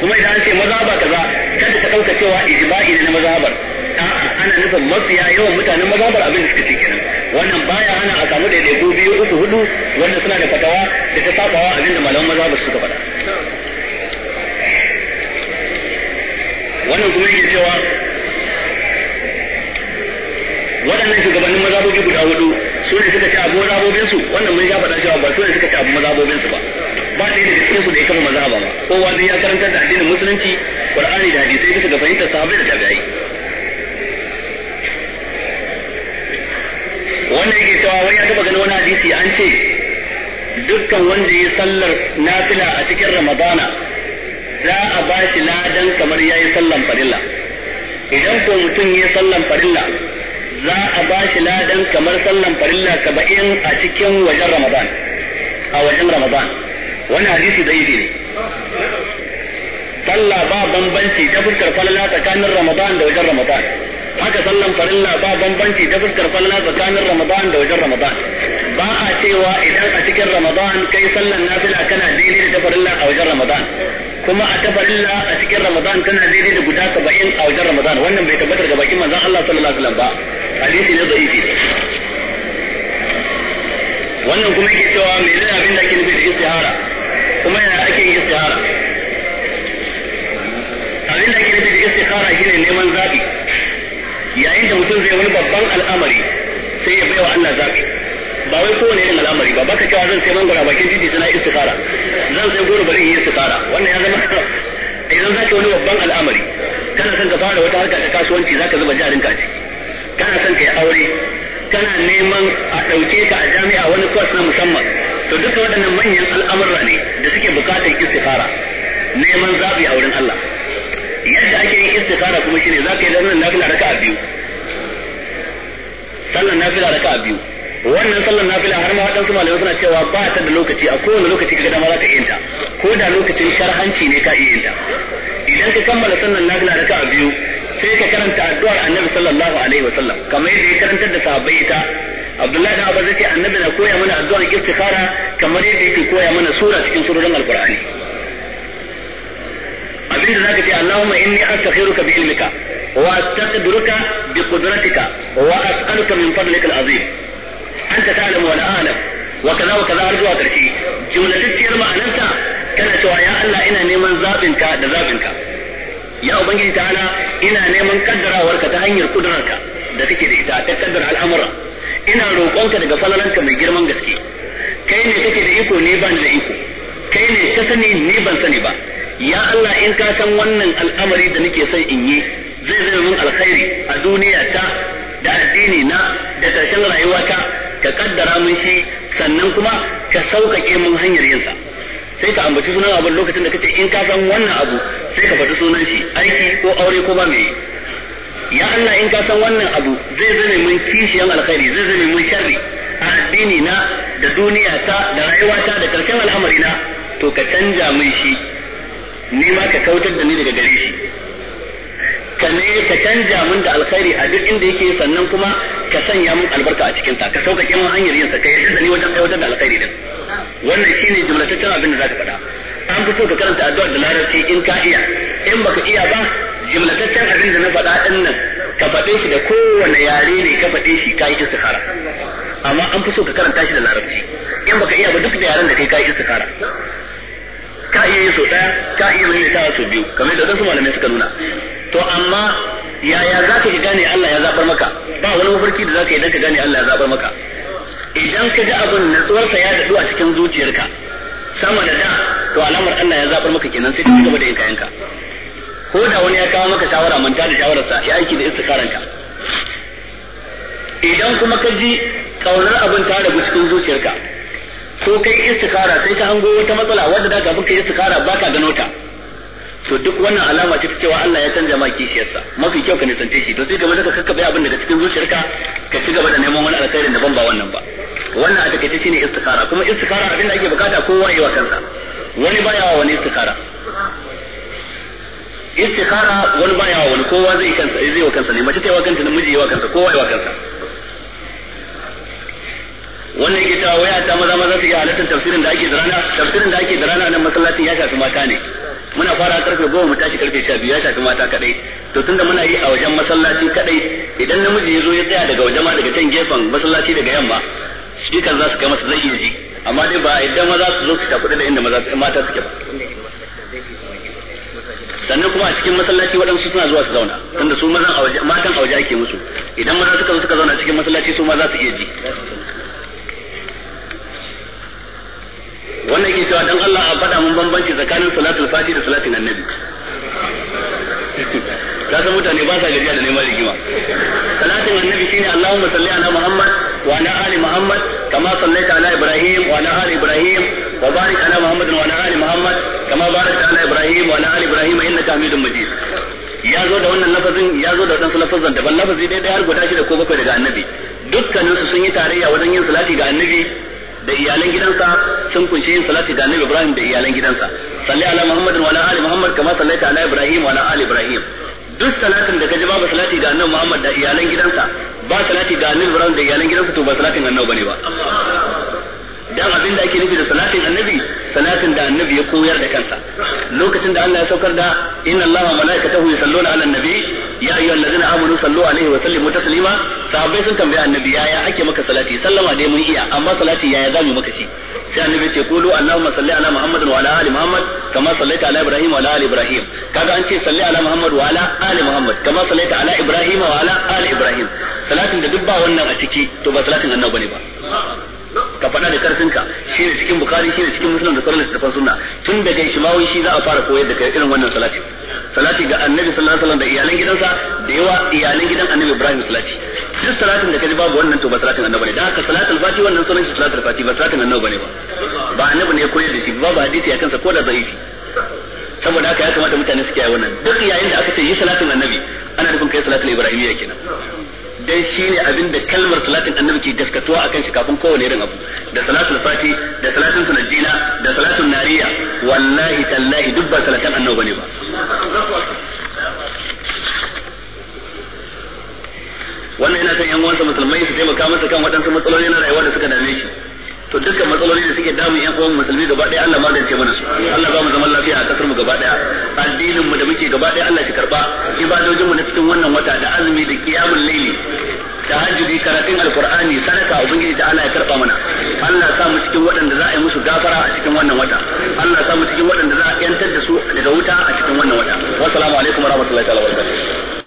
kuma idan an ce mazhaba kaza kada ka ɗauka cewa ijma'i ne na mazhabar a'a ana nufin mafiya yawan mutanen mazhabar abin da suka ce kenan wannan baya hana a samu ya biyu uku hudu wanda suna da fatawa da ta sabawa abin da malaman mazhabar suka faɗa wannan kuma yake cewa waɗannan shugabannin mazabobi guda hudu su ne suka ci abu mazabobin su wannan mun ya faɗa cewa ba su ne suka ci abu mazabobin su ba ba ɗaya da cikin su da ya kama mazaba ba kowa zai ya karantar da addinin musulunci qur'ani da hadisai bisa ga fahimtar sahabbai da tabi'ai wannan yake cewa wani ya taɓa ganin wani hadisi an ce dukkan wanda ya sallar nafila a cikin ramadana za a ba shi ladan kamar ya yi sallan farilla idan ko mutum ya yi sallan farilla za a ba shi ladan kamar sallan farilla saba'in a cikin wajen ramadan a wajen ramadan wani hadisi da ne sallah ba bambanci ta fuskar falala tsakanin ramadan da wajen ramadan haka sallan farilla ba bambanci ta fuskar falala tsakanin ramadan da wajen ramadan ba a cewa idan a cikin ramadan kai sallan nafila kana daidai da farilla a wajen ramadan kuma a tafarilla a cikin ramadan tana daidai da guda saba'in a wajen ramadan wannan bai tabbatar ga bakin manzon Allah sallallahu alaihi wasallam ba hadisi ne da'ifi wannan kuma yake cewa me ne abin da ake nufi da istihara kuma yana ake yin istihara abin da ake nufi da istihara shine neman zabi yayin da mutum zai wani babban al'amari sai ya baiwa Allah zabi ba wai kowane irin al'amari ba baka cewa zan sai mangwara bakin titi tana babban al'amari kana son ka fara wata harka ta kasuwanci zaka zuba jarin ka kana son ka yi aure kana neman a ɗauke ka a jami'a wani kwas na musamman to duka waɗannan manyan al'amura ne da suke buƙatar istikhara neman zaɓi a wurin Allah yadda ake yin istikhara kuma shine zaka yi zanen nafila raka'a biyu sallan nafila raka'a biyu wannan sallar nafila har ma waɗansu malamai suna cewa ba ta da lokaci a kowane lokaci kaga dama za ta iya ta ko da lokacin sharhanci ne ka iya ta idan ka kammala sallar nafila da ka biyu sai ka karanta addu'ar annabi sallallahu alaihi wa sallam kamar yadda ya karantar da sahabbai ita Abdullahi da Abba zai annabi na koya mana addu'ar istikhara kamar yadda yake koya mana sura cikin surorin Alkur'ani. Abin da zaka ce Allahumma inni astakhiruka bi ilmika wa astaqdiruka bi qudratika wa as'aluka min fadlika al-azim anta ta'lamu wa a'lam wa kaza wa kaza har zuwa karshe jumlatacciyar ma'anarta kana cewa ya Allah ina neman zabinka da zabinka ya ubangiji ta'ala ina neman kaddarawarka ta hanyar kudurarka da take da ita ta al'amura ina roƙonka daga falalanka mai girman gaske kai ne kake da iko ne ba da iko kai ne ka sani ni ban sani ba ya Allah in ka san wannan al'amari da nake son in yi zai zama min alkhairi a duniya ta da addini na da ƙarshen rayuwata ka kaddara mun shi sannan kuma ka sauƙaƙe mun hanyar yinsa sai ka ambaci sunan abin lokacin da kace in ka san wannan abu sai ka faɗi sunan shi aiki ko aure ko ba mai ya Allah in ka san wannan abu zai zame mun kishiyan alkhairi zai zame mun sharri a addini na da duniya ta da rayuwata da ƙarshen alhamari na to ka canja mun shi ni ma ka kautar da ni daga gare shi ka ne ka canja mun da alkhairi a duk inda yake sannan kuma ka sanya mun albarka a cikin ka sauƙaƙe mun hanyar yin sa ka yarda da ni wajen aiwatar da alkhairi din wannan shine jumlataccen abin da zaka faɗa an fito ka karanta addu'a da larabci in ka iya in baka iya ba jumlataccen abin da na faɗa din nan ka faɗe shi da kowane yare ne ka faɗe shi ka yi istikhara amma an fi so ka karanta shi da larabci in baka iya ba duk da yaren da kai ka yi istikhara ka iya yi so ɗaya ka iya yin ta sau biyu kamar da wasu malamai suka nuna to amma yaya za ka gane Allah ya zaɓar maka ba wani mafarki da za ka yi don ka gane Allah ya zaɓar maka idan ka ga abin natsuwarsa ya daɗu a cikin zuciyarka sama da da to alamar Allah ya zaɓar maka kenan sai ka ci gaba da yin kayanka ko da wani ya kawo maka shawara manta da shawararsa ya aiki da istikaranka idan kuma ka ji ƙaunar abin ta da cikin zuciyarka ko kai istikhara sai ka hango wata matsala wadda da kafin kai istikhara ba ka gano ta to duk wannan alama ce cewa Allah ya canja ma kishiyarsa mafi kyau ka nisance shi to sai gaba da kakka bai abin daga cikin zuciyarka ka ci gaba da neman wani alkhairin daban ba wannan ba wannan a takaice shine istikhara kuma istikhara abin da ake bukata kowa yi wa kansa wani baya wa wani istikhara istikhara wani baya wa wani kowa zai kansa zai wa kansa ne mace ta yi wa kanta namiji yi wa kansa kowa yi wa kansa wannan ke cewa waya ta maza maza su yi halartar tafsirin da ake da rana tafsirin da ake da rana nan masallacin ya shafi mata ne muna fara karfe goma mu tashi karfe sha biyu ya shafi mata kadai to tunda muna yi a wajen masallaci kadai idan namiji ya zo ya tsaya daga wajen ma daga can gefen masallaci daga yamma shikan za su kai masa zai iya ji amma dai ba idan maza su zo su tafi da inda mata suke ba sannan kuma a cikin masallaci waɗansu suna zuwa su zauna tunda su mazan matan a waje ake musu idan maza suka zo suka zauna cikin masallaci su ma za su iya ji wannan ke cewa dan Allah a faɗa mun bambanci tsakanin salatul fati da salatin annabi [laughs] ka san mutane ba sa gajiya da neman rigima salatin annabi shine Allahumma salli ala Muhammad wa ala ali Muhammad kama sallaita ala Ibrahim wa ala ali Ibrahim wa barik ala Muhammad wa ala ali Muhammad kama barakta ala Ibrahim wa ala ali Ibrahim innaka Hamidum Majid ya zo da wannan lafazin ya zo da wadansu lafazan daban lafazi dai dai har guda da ko bakwai daga annabi dukkaninsu sun yi tarayya wajen yin salati ga annabi da iyalan gidansa sun kunshi yin salati ga Annabi Ibrahim da iyalan gidansa salli ala Muhammad wa ala ali Muhammad kama sallaita ala Ibrahim wa ala ali Ibrahim duk salatin da kaji babu salati ga Annabi Muhammad da iyalan gidansa ba salati ga Annabi Ibrahim da iyalan gidansa to ba salatin Annabi bane ba dan abin da ake nufi da salatin Annabi salatin da annabi ya koyar da kansa lokacin da Allah ya saukar da inna Allah wa malaikatahu yusalluna ala annabi ya ayyuhal ladzina amanu sallu alaihi wa sallimu taslima sahabbai sun tambaya annabi yaya ake maka salati sallama dai mun iya amma salati yaya zamu maka shi sai annabi ce kulu allahumma salli ala muhammad wa ala ali muhammad kama sallaita ala ibrahim wa ala ali ibrahim kaga an ce salli ala muhammad wa ala ali muhammad kama sallaita ala ibrahim wa ala ali ibrahim salatin da duk ba wannan a ciki to ba salatin annabi bane ba ka faɗa da karfinka shi ne cikin bukari shi ne cikin musulun da sauran littattafan sunna tun daga ishmawi shi za a fara koyar da kai irin wannan salati salati ga annabi sallallahu alaihi wasallam da iyalan gidansa da yawa iyalan gidan annabi ibrahim salati duk salatin da kaji babu wannan to ba salatin annabi ne da haka salatul fati wannan sunan shi salatul fati ba salatin annabi bane ba ba annabi ne ya koyar da shi babu hadisi akan sa ko da zaifi saboda haka ya kamata mutane su kiyaye wannan duk yayin da aka ce yi salatin annabi ana nufin kai salatul ibrahimiyya kenan dai ne abin da kalmar salatin annabi ke gaskatuwa akan shi kafin kowane irin abu da salatul fati da salatin sunajjila da salatul nariya wallahi tallahi duk ba salatan annabi bane ba wannan yana kan yan uwansa musulmai su taimaka masa kan waɗansu matsaloli na rayuwa da suka dame shi to dukkan matsaloli da suke damun yan uwan musulmi gaba daya Allah magance mana su Allah ba mu zaman lafiya a kasar mu gaba daya addinin mu da muke gaba daya Allah shi karba ibadojin mu na cikin wannan wata da azumi da qiyamul layli tahajjudi karatun alqur'ani sadaka ubangiji da Allah ya karba mana Allah sa mu cikin waɗanda za a yi musu gafara a cikin wannan wata Allah sa mu cikin waɗanda za a yantar da su daga wuta a cikin wannan wata wassalamu alaikum warahmatullahi wabarakatuh